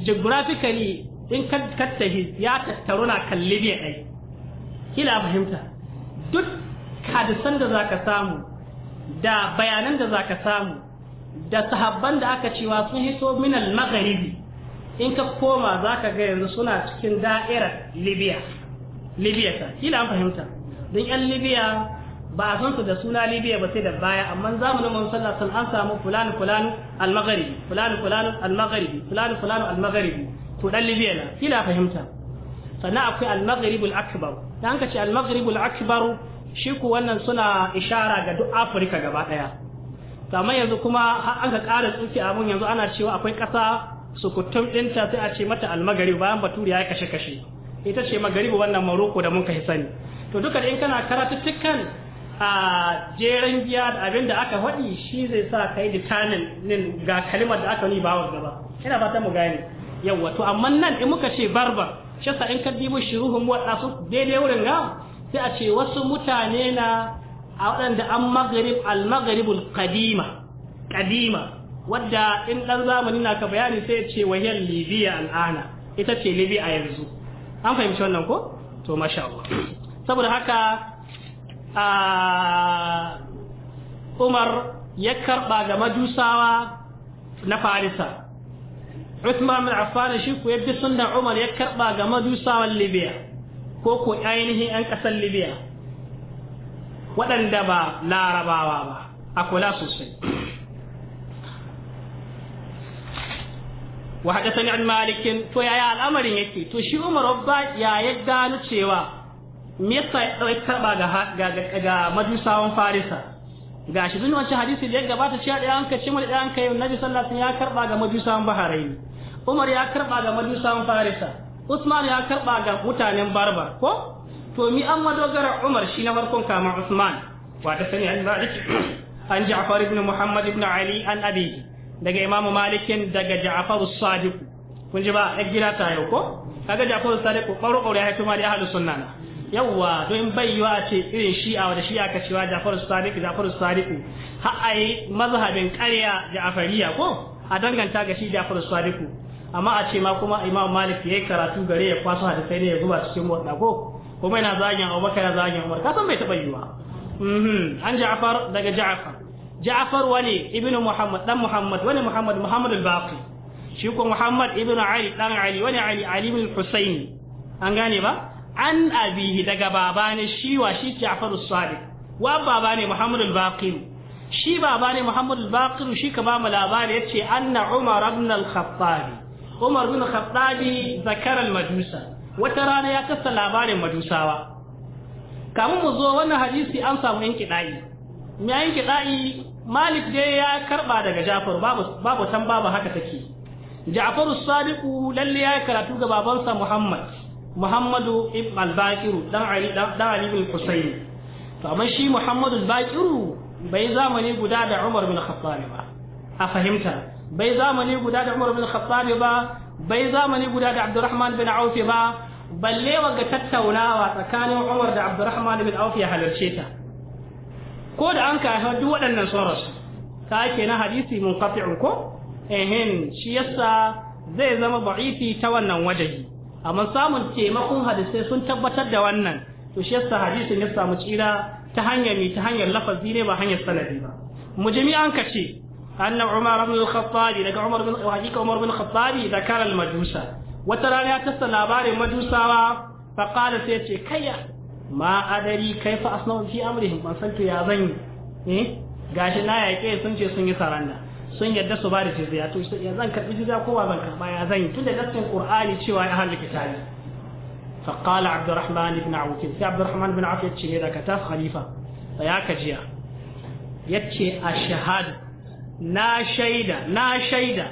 geographically in kattahi ya tattaru na kan libya ɗai kila fahimta duk kadisan da za ka samu da bayanan da za ka samu da sahabban da aka cewa sun hito minal magharibi in ka koma za ka ga yanzu suna cikin da'irar libya libya ta kila fahimta don yan libya ba a san su da suna libya ba sai da baya amma zamanin manzon sallallahu alaihi an samu fulan fulan al-maghribi fulan fulan al-maghribi fulan to dan libya na kila fahimta sannan akwai al-maghribi al dan ka ce al-maghribi akbar shi ku wannan suna ishara ga duk afirka gaba daya kamar yanzu kuma an ka ƙara tsuki a mun yanzu ana cewa akwai ƙasa sukutum ɗinta sai a ce mata almagari bayan baturi ya kashe kashe ita ce magaribu wannan maroko da mun kai sani to duka da in kana karatuttukan a jeren giya da abin da aka haɗi, shi zai sa kai determine nin ga kalimar da aka yi wa gaba ina fata mu gane yawa to amma nan in muka ce barbar shi in ka dibo shiruhum wa asu daidai wurin ga sai a ce wasu mutane na a waɗanda an magharib al-magharibul qadima qadima wadda in dan zamani na ka bayani sai ya ce wahiyar libya al'ana ita ce libya yanzu an fahimci wannan ko to masha Allah saboda haka a umar ya karba ga majusawa na farisa Uthman bin Affan shi ku yabi sunna Umar ya karba ga majusawan Libya ko ko ainihin ƴan ƙasar Libya waɗanda ba larabawa ba a kula sosai wa hadathani an malikin to yaya al'amarin yake to shi Umar ba ya ya gano cewa me yasa ya karba ga ga majusawan farisa gashi dun wancan hadisi da ya gabata cewa da an kace mul da an kai annabi sallallahu alaihi wasallam ya karba ga majusawan baharain umar ya karba ga majusawan farisa usman ya karba ga mutanen barbar ko to mi an madogara umar shi na farkon kama usman wa ta sani an malik an ja'far ibn muhammad ibn ali an abi daga imamu malikin daga ja'far as-sadiq kun ji ba a gida ta yau ko kaga ja'far as-sadiq baro baro ya haito ma da ahlus sunna yawwa don bai yiwa ce irin shi'a wanda shi'a ka cewa Jafaru Sadiq Jafaru Sadiq har ai mazhabin ƙarya Ja'fariya ko a danganta ga shi Jafaru Sadiq amma a ce ma kuma Imam Malik yayi karatu gare ya kwaso hadisai ne ya zuba cikin wadda ko kuma yana zagin Abubakar yana zagin Umar kasan bai taɓa yiwa mhm. an Ja'far daga Ja'far Ja'far wani ibnu Muhammad dan Muhammad wani Muhammad Muhammad al-Baqi shi ko Muhammad ibnu Ali dan Ali wani Ali Ali ibn Husaini an gane ba an abihi daga baba ne shi wa shi Ja'far as-Sadiq wa baba ne Muhammad al-Baqir shi baba ne Muhammad al-Baqir shi ka ba mu labari yace anna Umar ibn al-Khattab Umar ibn al-Khattab zakar al-Majusa wata rana ya kasa labarin Majusawa kamun mu zo wannan hadisi an samu yanki dai me yanki dai Malik dai ya karba daga Ja'far babu babu tan babu haka take Ja'far as-Sadiq lalle ya karatu ga babansa Muhammad muhammadu ibn al-bakiru dan ali dan ali shi muhammadu al bai zamani guda da umar bin khattab ba a fahimta bai zamani guda da umar bin khattab ba bai zamani guda da abdurrahman bin auf ba balle ga tattaunawa tsakanin umar da abdurrahman bin auf ya halarce ta ko da an ka duk waɗannan sun ka ke na hadisi mun ko shi yasa zai zama ba'ifi ta wannan wajahi amma samun taimakon hadisai sun tabbatar da wannan to shi yasa hadisin ya samu tsira ta hanyar mi ta hanyar lafazi ne ba hanyar sanadi ba Mu an kace anna umar ibn al khattabi daga umar ibn hakika umar ibn al khattabi da al-majusa wata rana ya tassa labarin majusawa fa qala sai ce kayya ma adari kaifa asna'u fi amrihim ban san to ya zan yi eh gashi na yake sun ce sun yi saranda sun yadda su bada jizya to ya zan karbi jizya ko ba zan karba ya zan yi tunda nassin qur'ani cewa ya halin kitabi fa qala abdurrahman ibn auf sai abdurrahman ibn auf yace ne daga ta khalifa fa ya kajiya yace ashhad na shaida na shaida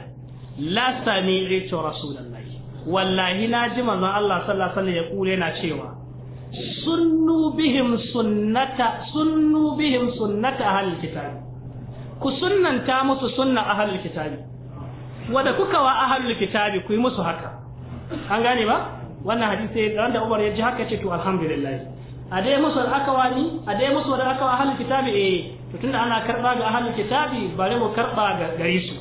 la sami'tu rasulullahi wallahi na ji manzon Allah sallallahu alaihi wasallam ya kule na cewa sunnu bihim sunnata sunnu bihim sunnata ahlul kitabi ku sunnanta musu sunna ahlul kitabi wanda kuka wa ahlul kitabi ku yi musu haka an gane ba wannan hadisi wanda Umar ya ji haka ce to alhamdulillah a dai musu aka wani a dai musu da aka wa ahlul kitabi eh to tunda ana karba ga ahlul kitabi bare mu karba ga gare su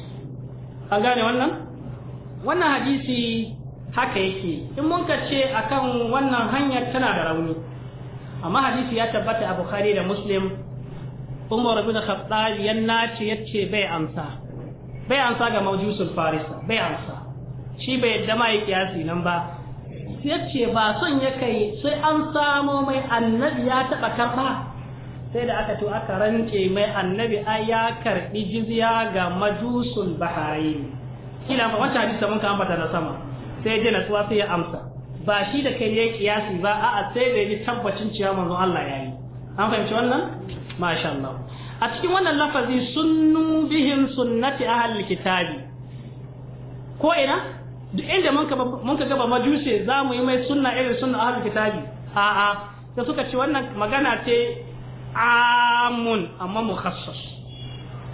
an gane wannan wannan hadisi haka yake in mun ka ce akan wannan hanyar tana da rauni amma hadisi ya tabbata a Bukhari da Muslim umar bin khattab ya nace yace bai amsa bai amsa ga maujusul farisa bai amsa shi bai da mai kiyasi nan ba yace ba son ya kai sai an samo mai annabi ya taba karba. sai da aka to aka rance mai annabi ai ya karbi jizya ga majusul bahrain kila ba wata hadisi mun ka ambata na sama sai ya suwa sai ya amsa ba shi da kai yayi kiyasi ba a'a sai da ya tabbacin cewa manzo Allah yayi an fahimci wannan masha Allah a cikin wannan lafazi sunnu bihim sunnati ahli kitabi ko ina duk inda mun ka mun ka gaba majuse zamu yi mai sunna irin sunna ahli kitabi a a da suka ce wannan magana ce amun amma mukhassas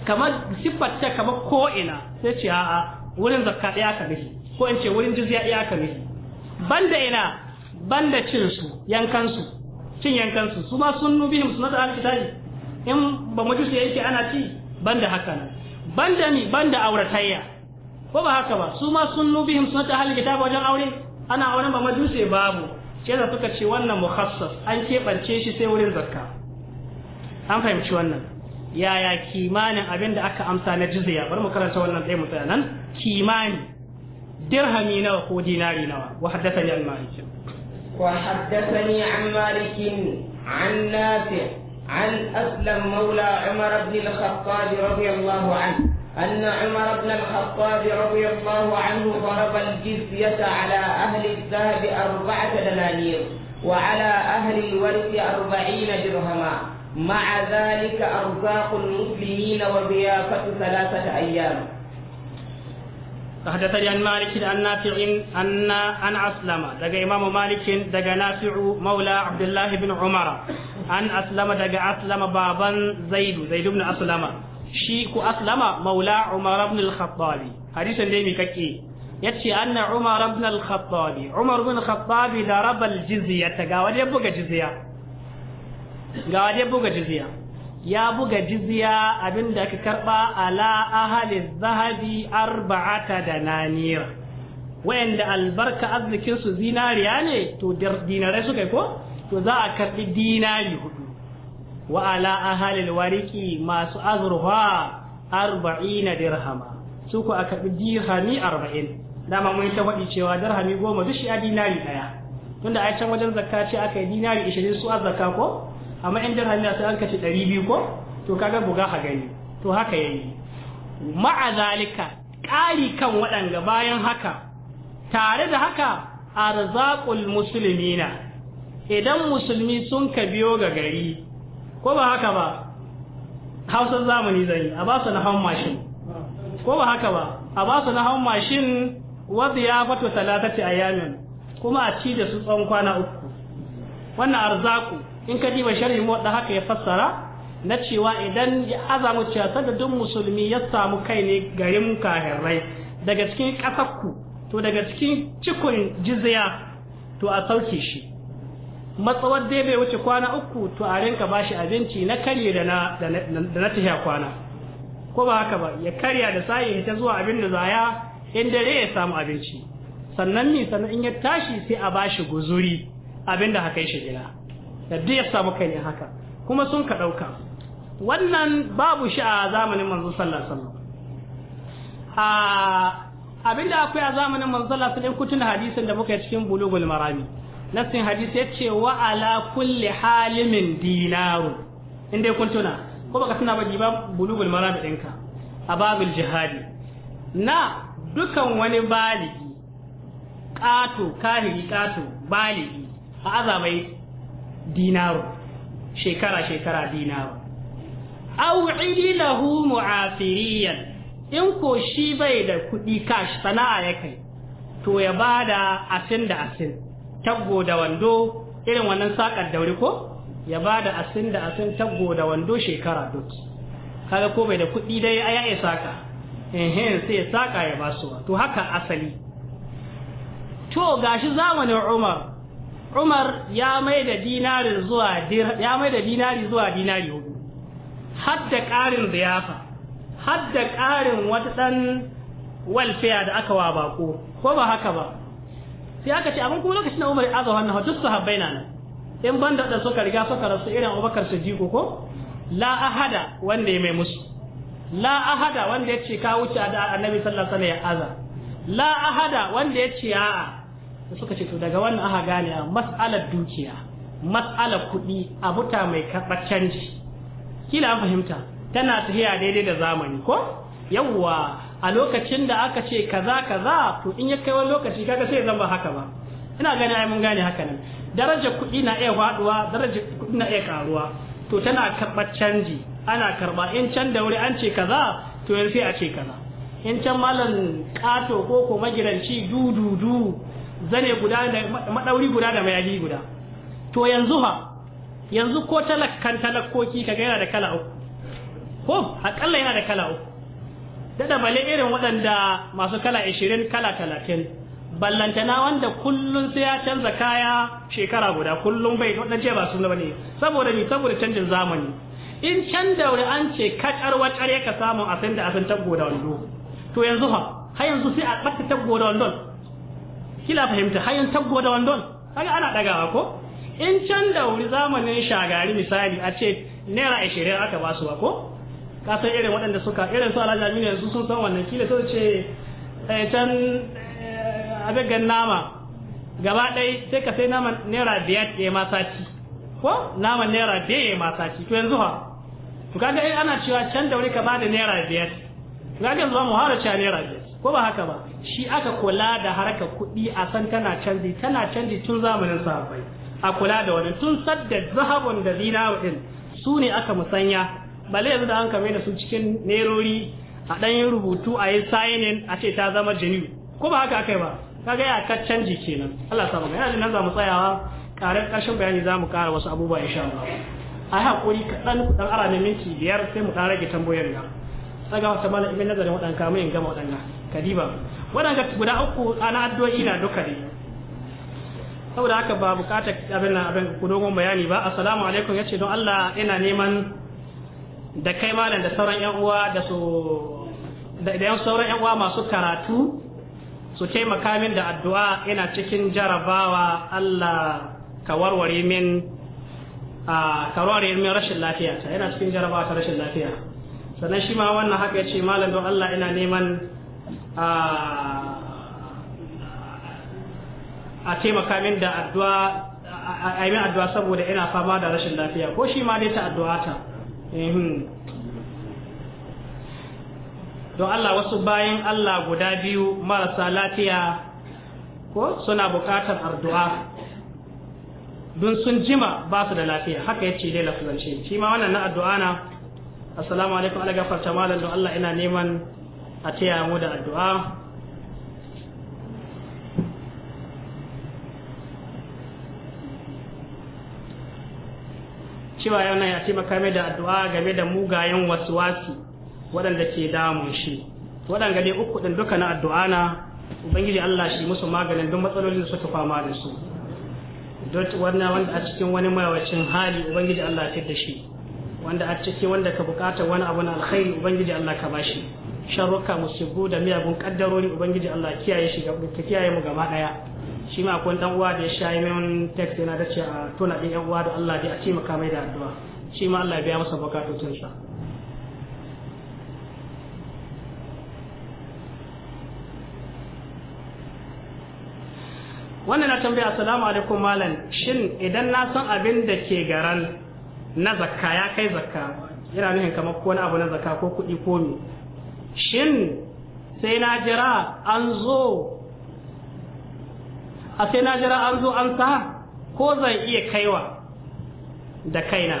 kamar siffar ce kamar ko ina sai ce a a wurin zakka ɗaya ka nufi ko in ce wurin jizya ɗaya ka nufi banda ina banda cin su yankan su cin yankan su su ma sunnu bihim sunnati ahli kitabi in ba mu jusa yake ana ci ban da haka nan da ni ban da auratayya ko ba haka ba su ma sun nubihim sun ta halin kitab wajen aure ana auren ba majuse babu sai da suka ce wannan mukhassas an keɓance shi sai wurin zakka an fahimci wannan yaya kimanin abin da aka amsa na jizya bari mu karanta wannan ɗaya mu tsaya nan kimani dirhami nawa ko dinari nawa wa haddathani al-malik wa ni an malik an nafi' عن أسلم مولى عمر بن الخطاب رضي الله عنه أن عمر بن الخطاب رضي الله عنه ضرب الجزية على أهل الذهب أربعة دنانير وعلى أهل الورث أربعين درهما مع ذلك أرزاق المسلمين وضيافة ثلاثة أيام حدثني عن مالك عن نافع أن عن أسلم دقى إمام مالك دقى نافع مولى عبد الله بن عمر an aslama daga aslama baban zaidu zaidu ibn aslama shi ku aslama maula umar ibn al-khattab hadisin dai mi kake yace anna umar ibn al-khattab umar ibn al-khattab daraba al-jizya ga wani buga jizya ga wani buga jizya ya buga jizya abinda aka karba ala ahli zahabi arba'ata dananir wayanda albarka arzikin su zinariya ne to dinarai suka ko to za a karɓi dinari hudu wa ala ahalil wariki masu azurfa arba'ina dirhama su ku a karɓi dirhami arba'in dama mun ta faɗi cewa dirhami goma duk shi a dinari ɗaya tunda a can wajen zakka ce aka yi dinari ishirin su a zakka ko amma in dirhami na sai an kashe ɗari biyu ko to kaga buga ka gani to haka yi ma'a zalika ƙari kan waɗanga bayan haka tare da haka arzakul musulmina idan musulmi sun ka biyo ga gari ko ba haka ba hausar zamani zai a ba su na hawan mashin ko ba haka ba a ba su na hawan mashin wadda ya fato talatati a yamin kuma a ci da su tsawon kwana uku wannan arzaku in ka diba shari'i mu da haka ya fassara na cewa idan ya azamu cewa duk musulmi ya samu kai ne garin kahirai daga cikin ƙasarku to daga cikin cikon jizya to a sauke shi matsawar dai bai wuce kwana uku to a rinka shi abinci na karye da na da na tafiya kwana ko ba haka ba ya karya da sai ya zuwa abin da zaya in dare ya samu abinci sannan ni sannan in ya tashi sai a bashi guzuri abin da haka shi gida da dai ya samu kai ne haka kuma sun ka dauka wannan babu shi a zamanin manzo sallallahu alaihi wasallam a abinda akwai a zamanin manzo sallallahu alaihi wasallam kutun hadisin da muka yi cikin bulugul marami nassin hadisi yace wa ala kulli halimin dinaru in kuntuna kun tuna ko baka tuna ba jiba bulugul marami dinka. a babul jihadi na dukan wani baligi ƙato kahiri ƙato baligi a azabai dinaru shekara shekara dinaru aw ilahu mu'afiriyan in ko shi bai da kuɗi kash sana'a ya kai to ya bada asin da asin taggo da wando irin wannan sakar daure ko ya ba da asin da asin taggo da wando shekara duk kaga ko bai da kuɗi dai a ya saka ehe sai ya saka ya ba su to haka asali to gashi zamanin Umar Umar ya mai da dinari zuwa ya mai da dinari zuwa dinari hudu har da ƙarin ziyafa har da ƙarin wata ɗan welfare da aka wa bako ko ba haka ba sai aka ce abin kuma lokacin da Umar ya aza wannan duk sahabbai na nan in banda da suka riga suka rasu irin Abubakar Siddiq ko la ahada wanda ya mai musu la ahada wanda ya ce ka wuce da Annabi sallallahu alaihi wasallam ya aza la ahada wanda ya ce a'a suka ce to daga wannan aha gane mas'alar dukiya mas'alar kuɗi abuta mai karɓar canji kila an fahimta tana tafiya daidai da zamani ko yawwa a lokacin da aka ce kaza kaza to in ya kai wani lokaci kaga sai zan ba haka ba ina gani ai mun gane haka nan darajar kuɗi na iya faduwa darajar kuɗi na iya karuwa to tana karɓar canji ana karɓa in can da wuri an ce kaza to yanzu sai a ce kaza in can malam kato ko ko magiranci du zane guda da madauri guda da mayagi guda to yanzu ha yanzu ko talakkan talakkoki kaga yana da kala uku ko akalla yana da kala uku dada bale irin waɗanda masu kala 20 kala 30 ballantana wanda kullun sai ya canza kaya shekara guda kullun bai ce ba su bane saboda ni saboda canjin zamani in can wuri an ce kacar wacar ya ka samu a san da asan taggo da wando to yanzu ha har yanzu sai a ɓatta taggo da wando kila fahimta har yanzu taggo da wando kaga ana dagawa ko in can wuri zamanin shagari misali a ce naira 20 aka basu ba ko ka san irin waɗanda suka irin su alhaji aminu yanzu sun san wannan kila sun ce eh, can eh, abegan nama gaba ɗai sai ka sai naman naira biyar ya ma sati ko naman naira biyar ya ma sati to yanzu ha to kaga in ana cewa can da wuri ka bada naira biyar to kaga yanzu mu hara cewa naira biyar ko ba haka ba shi aka kula da harkar kuɗi a san tana canji tana canji tun zamanin sahabbai a kula da wani tun sadda zahabun da zinawa din su ne aka musanya bale yanzu da an kame da su cikin nerori a dan yin rubutu a yi signing a ce ta zama genuine ko ba haka akai ba kaga ya ka canji kenan Allah sa magana yanzu nan za mu tsayawa karar karshen bayani za mu kara wasu abubuwa insha Allah a hakuri kaɗan kuɗan ara ne minti biyar sai mu ɗan rage tambayoyin ga tsaga wata malam ibn nazarin waɗanka kamar in gama waɗanka kadiba waɗanka guda uku ana addu'o'i na duka ne saboda haka ba bukatar abin abin ku dogon bayani ba assalamu alaikum yace don Allah ina neman da kai malam da sauran yan uwa da su da yan sauran yan uwa masu karatu su taimaka min da addu'a ina cikin jarabawa Allah ka warware min a ka warware min rashin lafiya ta ina cikin jarabawa ta rashin lafiya sannan shi ma wannan haka yace malam don Allah ina neman a a taimaka min da addu'a a yi min addu'a saboda ina fama da rashin lafiya ko shi ma dai ta addu'a ta don Allah wasu bayan Allah guda biyu marasa lafiya ko suna bukatar addu'a don sun jima ba su da lafiya haka ya ce dai lafazance shi ma wannan na addu'a na assalamu alaikum alaikafar gafarta don Allah ina neman a taya mu da addu'a cewa yana ya taimaka mai da addu'a game da mugayen waswasi waɗanda ke damun shi waɗanda ne uku ɗin duka na addu'a na ubangiji Allah shi musu maganin don matsalolin da suka fama da su duk wannan wanda a cikin wani mawacin hali ubangiji Allah ya da shi wanda a cikin wanda ka bukata wani abu na alkhairi ubangiji Allah ka bashi sharuka musibu da miyagun kaddarori ubangiji Allah kiyaye shi ga kiyaye mu gaba daya shi ma akwai dan uwa da ya sha yi text yana da ce a tona din yan uwa da Allah dai a ce maka mai da addu'a shi ma Allah ya biya masa bukatun sa wannan na tambaya assalamu alaikum malam shin idan na san abin da ke garan na zakka ya kai zakka yana nufin kamar ko wani abu na zakka ko kuɗi ko me shin sai na jira an zo a sai na jira an zo an sa ko zan iya kaiwa da kaina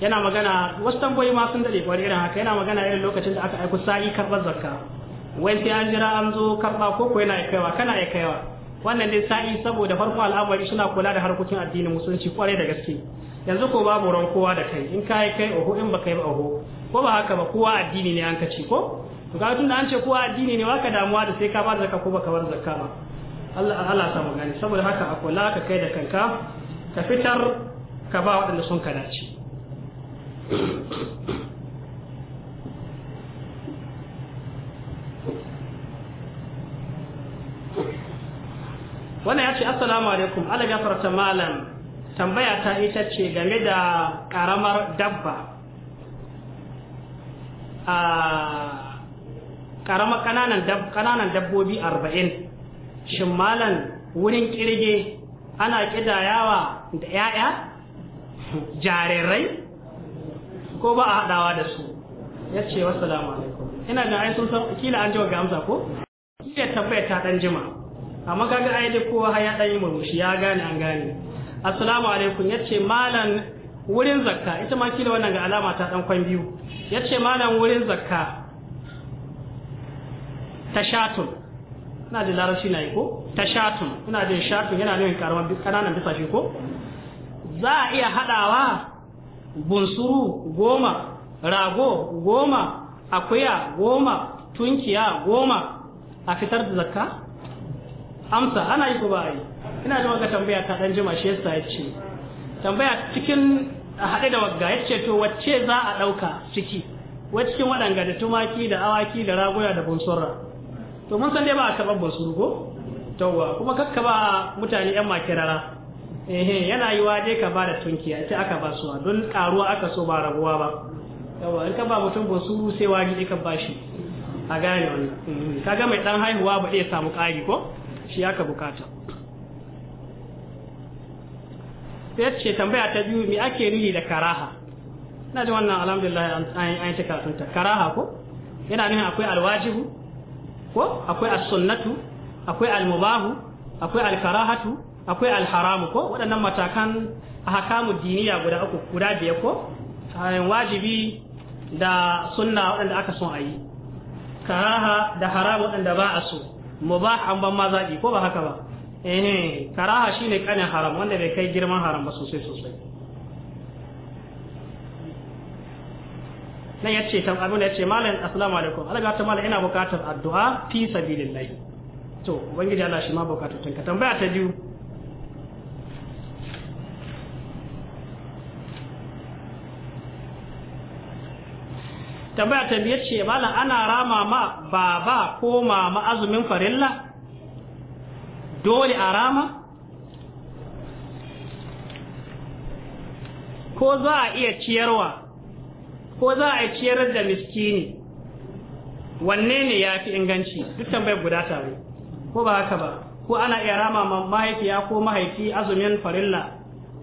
yana magana wasu tamboyi ma sun dade kwari irin haka yana magana irin lokacin da aka aiku sa'i karɓar zakka wai sai an jira an zo karɓa ko ko yana kaiwa kana iya kaiwa wannan dai sa'i saboda farko al'amari suna kula da harkokin addinin musulunci kwarai da gaske yanzu ko babu ran kowa da kai in kai kai oho in ba kai ba oho ko ba haka ba kowa addini ne an kace ko to ga da an ce kowa addini ne waka damuwa da sai ka bar zakka ko baka bar zakka ba Allah Allah samu gani saboda haka a kula ka kai da kanka ka fitar ka ba waɗanda sun ka dace wannan ya ce assalamu alaikum ala gafarta malam tambaya ta ita ce game da karamar dabba a ah, karamar kananan dabbobi arba'in shin malan wurin kirge ana kidayawa da 'ya'ya jarirai ko ba a haɗawa da su ya ce wasu alaikum ina ga ai sun san kila an ji ga amsa ko kila tabbaya ta ɗan jima amma kaga ai da kowa har ya ɗan yi murmushi ya gane an gane assalamu alaikum ya ce malan wurin zakka ita ma kila wannan ga alama ta ɗan kwan biyu ya ce malan wurin zakka ta ina jin larashi na yi ko tashatun ina jin shatun yana nuna karaman kananan bisashe ko za a iya hadawa bunsuru goma rago goma akuya goma tunkiya goma a fitar da zakka amsa ana yi ko ba yi ina jin wanka tambaya ta dan jima shi yasa ya ce tambaya cikin haɗe da wagga ya ce to wacce za a ɗauka ciki wacce cikin waɗanga da tumaki da awaki da ragoya da bunsurra to mun san dai ba a karɓar basuru ko tawwa kuma kakka ba mutane yan makirara ehe yana yiwa dai ka ba da tunki a ce aka ba suwa don karuwa aka so ba rabuwa ba yawwa in ka ba mutum basuru sai wagi ka ba shi a gane wannan mm-hmm. ga mai dan haihuwa ba zai samu ƙari ko shi aka bukata sai ce tambaya ta biyu me ake nuni da karaha na ji wannan alhamdulillah an yi ta karatunta karaha ko yana nuna akwai alwajibu ko akwai as-sunnatu akwai al-mubahu akwai al-karahatu akwai al-haramu ko waɗannan matakan ahkamu diniya guda uku guda biyar ko wajibi da sunna waɗanda aka son ayi. karaha da haram waɗanda ba a so mubah an ban ma ko ba haka ba eh karaha shine kanin haram wanda bai kai girman haram ba sosai sosai nan ya ce abin da ya ce malam assalamu alaikum alaga ta malam ina bukatar addu'a fi sabilillahi to ubangiji Allah shi ma bukatar ka tambaya ta biyu tambaya ta biyu ce malam ana rama ma baba ko mama azumin farilla dole a rama ko za a iya ciyarwa ko za a ciyar da miskini wanne ne ya fi inganci duk tambayar guda tare ko ba haka ba ko ana iya rama mahaifiya ko mahaifi azumin farilla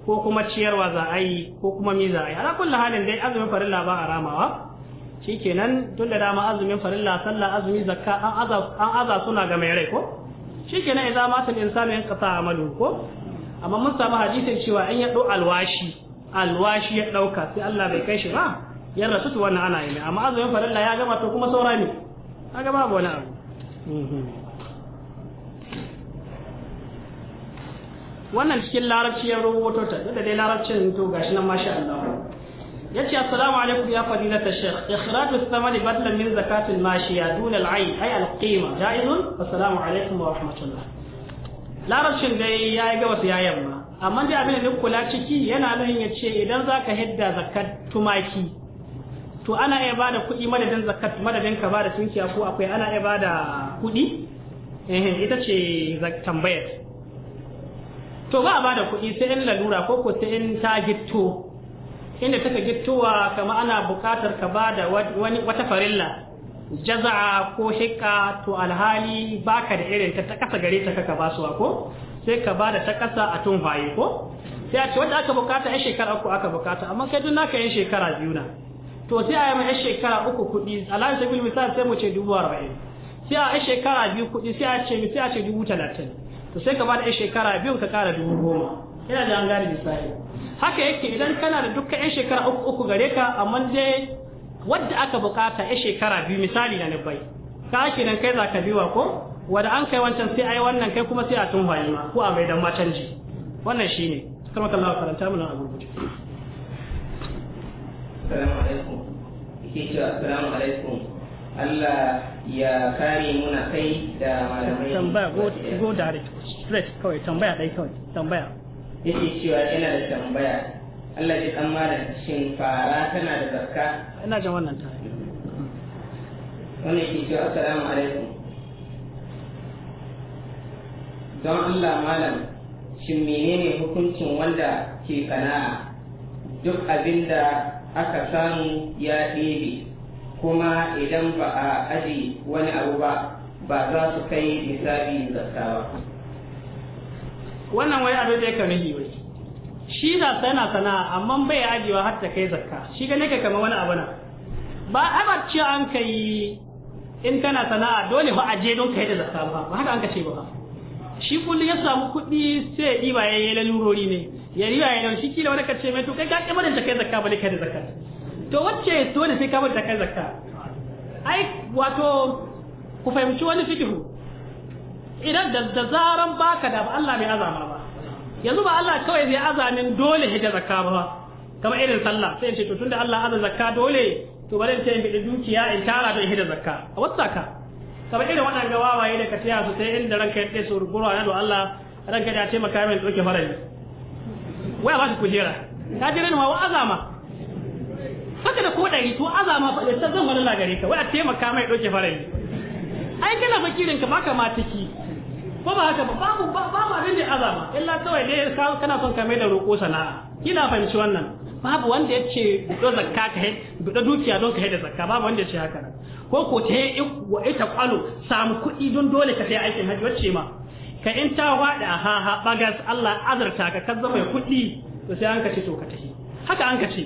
ko kuma ciyarwa za a yi ko kuma mi za a yi alakun kullu halin dai azumin farilla ba a ramawa shikenan tun da dama azumin farilla sallah azumi zakka an aza suna ga mai rai ko shikenan idza in al-insanu yanqata amalu ko amma mun samu hadisin cewa in ya dau alwashi alwashi ya ɗauka sai Allah bai kai shi ba yan rasu su wannan ana yi amma azumin farilla ya gama to kuma saura ne kaga babu wani abu mhm. wannan cikin larabci ya rubuto ta da dai larabcin to gashi nan masha Allah yace assalamu alaikum ya ta shaykh ikhraju thamani badlan min mashi mashiya dun al-ayn ay al-qima jaizun assalamu alaikum wa rahmatullah larabcin dai yayi gaba su yayan ma amma dai abin da kula ciki yana nan yace idan zaka hidda zakat tumaki to ana iya bada kuɗi madadin zakat madadin ka bada tunki ko akwai ana iya bada kuɗi eh ita ce tambayar to ba a bada kuɗi sai in lalura ko ko sai in ta gitto inda taka gittowa kama ana buƙatar ka bada wani wata farilla jaza'a ko hikka to alhali baka da irin ta ta kasa gare ta kaka basuwa ko sai ka bada ta kasa a tun baye ko sai a ce wanda aka bukata yan shekara uku aka bukata amma kai duk naka yan shekara biyu na to sai a yi mai shekara uku kuɗi alhaji sabil misal sai mu ce dubu arba'in sai a yi shekara biyu kuɗi sai a ce sai a ce dubu talatin to sai ka ba da shekara biyu ka kara dubu goma ina da an gane misali haka yake idan kana da dukkan yan shekara uku uku gare ka amma dai wadda aka bukata yan shekara biyu misali na bai ka ake nan kai za ka biwa ko wadda an kai wancan sai a yi wannan kai kuma sai a tun ma ko a mai dan ma canji wannan shine karmaka Allah karanta mana a gurguje assalamu alaikum yake cewa assalamu alaikum Allah ya kare muna kai da malamai tambaya go go direct straight kawai tambaya dai kawai tambaya yake cewa yana da tambaya Allah ya kan malam shin fara tana da zakka ina jin wannan tare wannan yake cewa assalamu alaikum don Allah malam shin menene hukuncin wanda ke kana? duk abinda aka samu ya ɗebe kuma idan ba a aji wani abu ba ba za su kai misali zakka wannan wani abin da ya kame yi wai shi da yana sana'a amma bai ajiyewa har ta kai zakka shi ga ne ka kama wani abu na ba a ce an kai in kana sana'a dole a je don kai da zakka ba ba haka an ka ce ba shi kullum ya samu kuɗi sai ya ɗiba ya yi lalurori ne ya riya ya naushi kila wani kace mai to kai ka kima da kai zakka bale kai da zakka to wacce dole sai ka bar da kai zakka ai wato ku fahimci wani fikihu idan da da zaran baka da Allah bai azama ba yanzu ba Allah kawai zai azamin dole hidda zakka ba kamar irin sallah sai in ce to tunda Allah azza zakka dole to bari in ce in bi dukiya in tara don hidda zakka a wasaka kamar irin waɗanda wawaye da ka taya su sai inda ranka ya tsaye su rugurwa na do Allah ranka ya taimaka min doke farali waya ba ka kujera ta jira ni wa azama saka da ko dari to azama fa sai zan wani lagare ka waya taimaka mai doke farai. ai kana fakirin ka baka matiki ko ba haka ba babu babu abin da azama illa kawai ne kana son ka mai da roƙo sana'a kina fahimci wannan babu wanda ya ce buɗe zakka ka he do dukiya don ka he da zakka babu wanda ya ce haka ko ko ta wa ita kwalo samu kuɗi don dole ka sai aikin hajji wacce ma ka in ta wada ha ha bagas Allah azarta ka kaza mai kuɗi to sai an kace to ka tafi haka an kace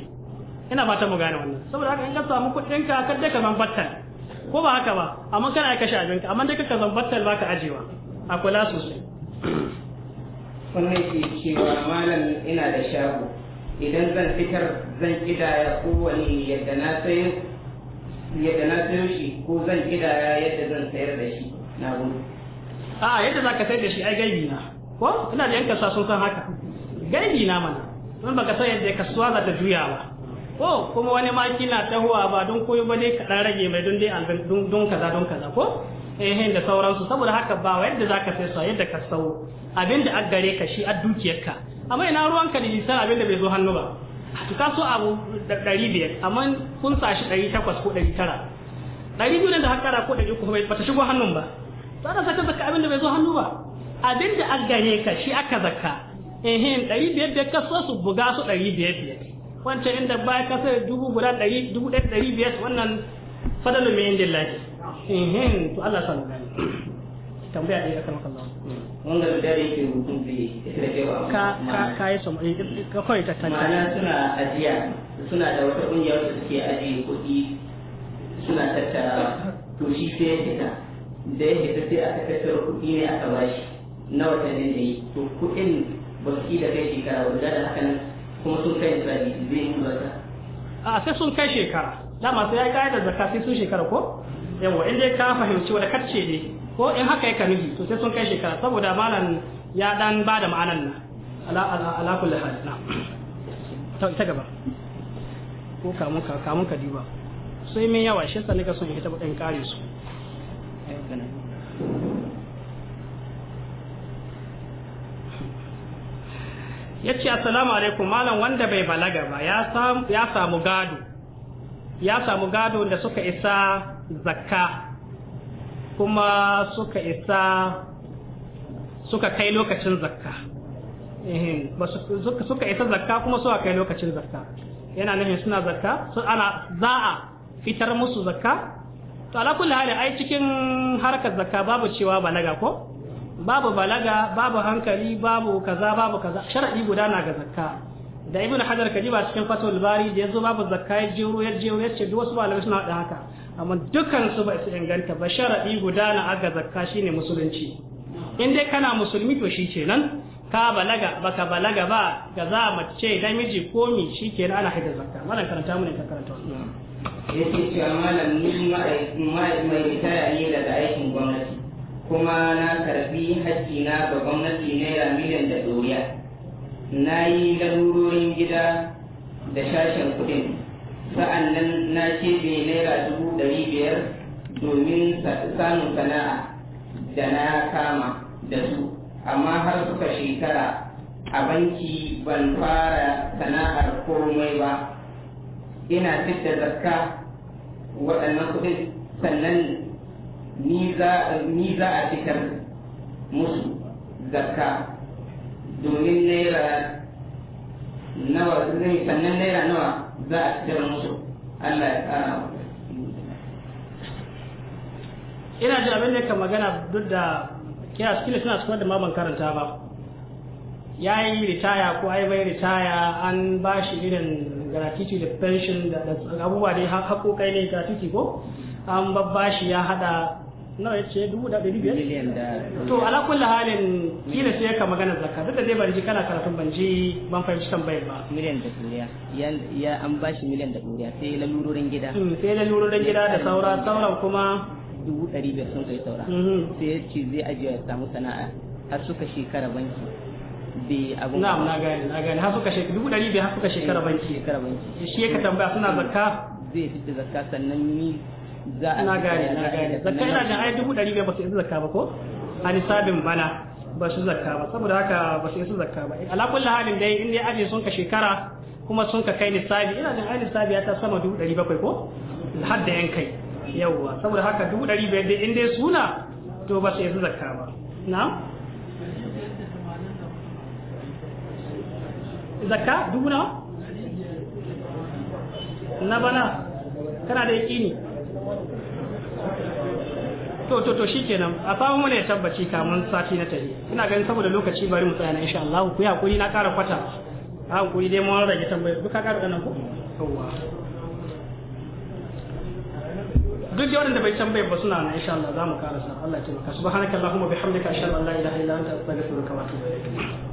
ina fata mu gane wannan saboda haka in ka samu kuɗin ka kada ka battal. ko ba haka ba amma kana kashe abinka amma dai kaka zambattal baka ajewa a kula sosai wannan ke cewa malam ina da shago idan zan fitar zan kidaya kowane yadda na sayo yadda na sayo shi ko zan kidaya yadda zan sayar da shi na gudu a yadda zaka sai da shi ai gaibi na ko ina da yanka kasuwa sun san haka gaibi na mana don baka san yadda kasuwa za ta juya ba ko kuma wani ma kina tahowa ba don koyo ba dai kaɗan rage mai don dai don kaza don kaza ko eh da sauransu saboda haka ba yadda zaka sai su yadda ka sau abinda an gare ka shi a dukiyarka amma ina ruwanka da lisan abinda bai zo hannu ba to ka so abu ɗari biyar amma kun sa shi ɗari takwas ko ɗari tara ɗari biyu da hakara ko ɗari uku ba shigo hannun ba to ana saka zakka abin bai zo hannu ba abinda da an gare ka shi aka zakka ehin ɗari biyar da kaso su buga su ɗari biyar biyar wancan inda baya kasa dubu guda ɗari dubu ɗaya ɗari biyar wannan fadalun mai indin lafi ehin to Allah sanu gani tambaya ɗaya kan kallon wanda da dare ke mutum bai ka ka ka yi samu eh, eh, eh, ka kawai ta tantance ma'ana suna ajiya suna da wata ƙungiyar da suke ajiye kuɗi suna tattara to shi sai ya fita da ya shiga sai aka tattara kuɗi ne aka bashi na watannin da yi to kuɗin ba su da kai shekara guda da hakan kuma sun kai da zai yi zaka a sai sun kai shekara dama sai ya kai da zaka sai sun shekara ko yawa in dai ka fahimci wani kacce ne ko in haka ya kanuhi to sai sun kai shekara saboda malam ya dan ba da ma'anan nan ala ala ala kulli hal na ta gaba ko kamun ka kamun ka diba sai min yawa shi sanin ka son yi ta ɗan kare su ya ce assalamu alaikum malam wanda bai balaga ba ya samu gado ya samu gado da suka isa zakka kuma suka isa suka kai lokacin zakka suka isa zakka kuma suka kai lokacin zakka yana nufin suna zakka ana za a fitar musu zakka to ala kulli hali ai cikin harkar zakka babu cewa balaga ko babu balaga babu hankali babu kaza babu kaza sharadi guda na ga zakka da ibnu hajar ba cikin fatul bari da yazo babu zakka ya je ya je ya ce duk wasu malamai suna da haka amma dukkan su ba su inganta ba sharadi guda na ga zakka shine musulunci in dai kana musulmi to shi kenan ka balaga baka balaga ba ga za mace namiji komi shikenan ana haida zakka wannan karanta mu ne ka karanta yake cewa malam ni mai ya ne daga aikin gwamnati kuma na karbi na ga gwamnati naira miliyan da doriya na yi lalurorin gida da shashen kudin sa'an nan na ce ne naira dubu ɗari biyar domin samun sana'a da na kama da su amma har suka shekara a banki ban fara sana'ar komai ba ina fitta zakka waɗannan kuɗin sannan ni za a fitar musu zakka domin naira nawa zai sannan naira nawa za a fitar musu Allah ya ƙara ina ji abin da ka magana duk da kina cikin suna cikin da ma ban karanta ba ya yi ritaya ko ai bai ritaya an ba shi irin gratuity da pension da abubuwa dai haƙoƙai ne gratuity ko an babbashi ya hada nawa ya ce dubu da ɗari biyar to ala kulli halin kila sai ka magana zakka duk da dai ban ji kana karatun ban ji ban fahimci tambayar ba miliyan da ɗuriya ya an bashi miliyan da ɗuriya sai lalurorin gida hmm, sai lalurorin gida da saura sauran kuma dubu ɗari biyar sun kai saura hmm. sai ya ce zai ajiye ya samu sana'a har suka shekara banki bi abun na'am na gane na gane har suka shekara dubu ɗari biyar har suka shekara eh, banki shekara banki eh, shi ka tambaya suna eh, zakka zai fita zakka sannan ni za a na gane na gane zakka ina da ai dubu ɗari biyar ba su isa zakka ba ko a nisabin bana ba su zakka ba saboda haka ba su isa zakka ba ala kulli halin dai in dai aje sun ka shekara kuma sun ka kai lissafi, ina jin ai nisabi ya ta sama dubu ɗari bakwai ko har da yan kai yawwa saboda haka dubu ɗari biyar dai in dai suna to ba su isa zakka ba na'am zakka dubu nawa na bana kana da yaƙini to to to shikenan a samu mana ya tabbaci kamun sati na tafi ina ganin saboda lokaci bari mu tsaya na insha Allah ku ya kuri na ƙara kwata a hakuri dai mun rage tambayar duka ƙara ɗanan ku duk yawan da bai tambaye ba suna na insha Allah za mu karasa Allah ya taimaka allahumma bihamdika ashhadu an la ilaha illa anta astaghfiruka wa atubu ilaik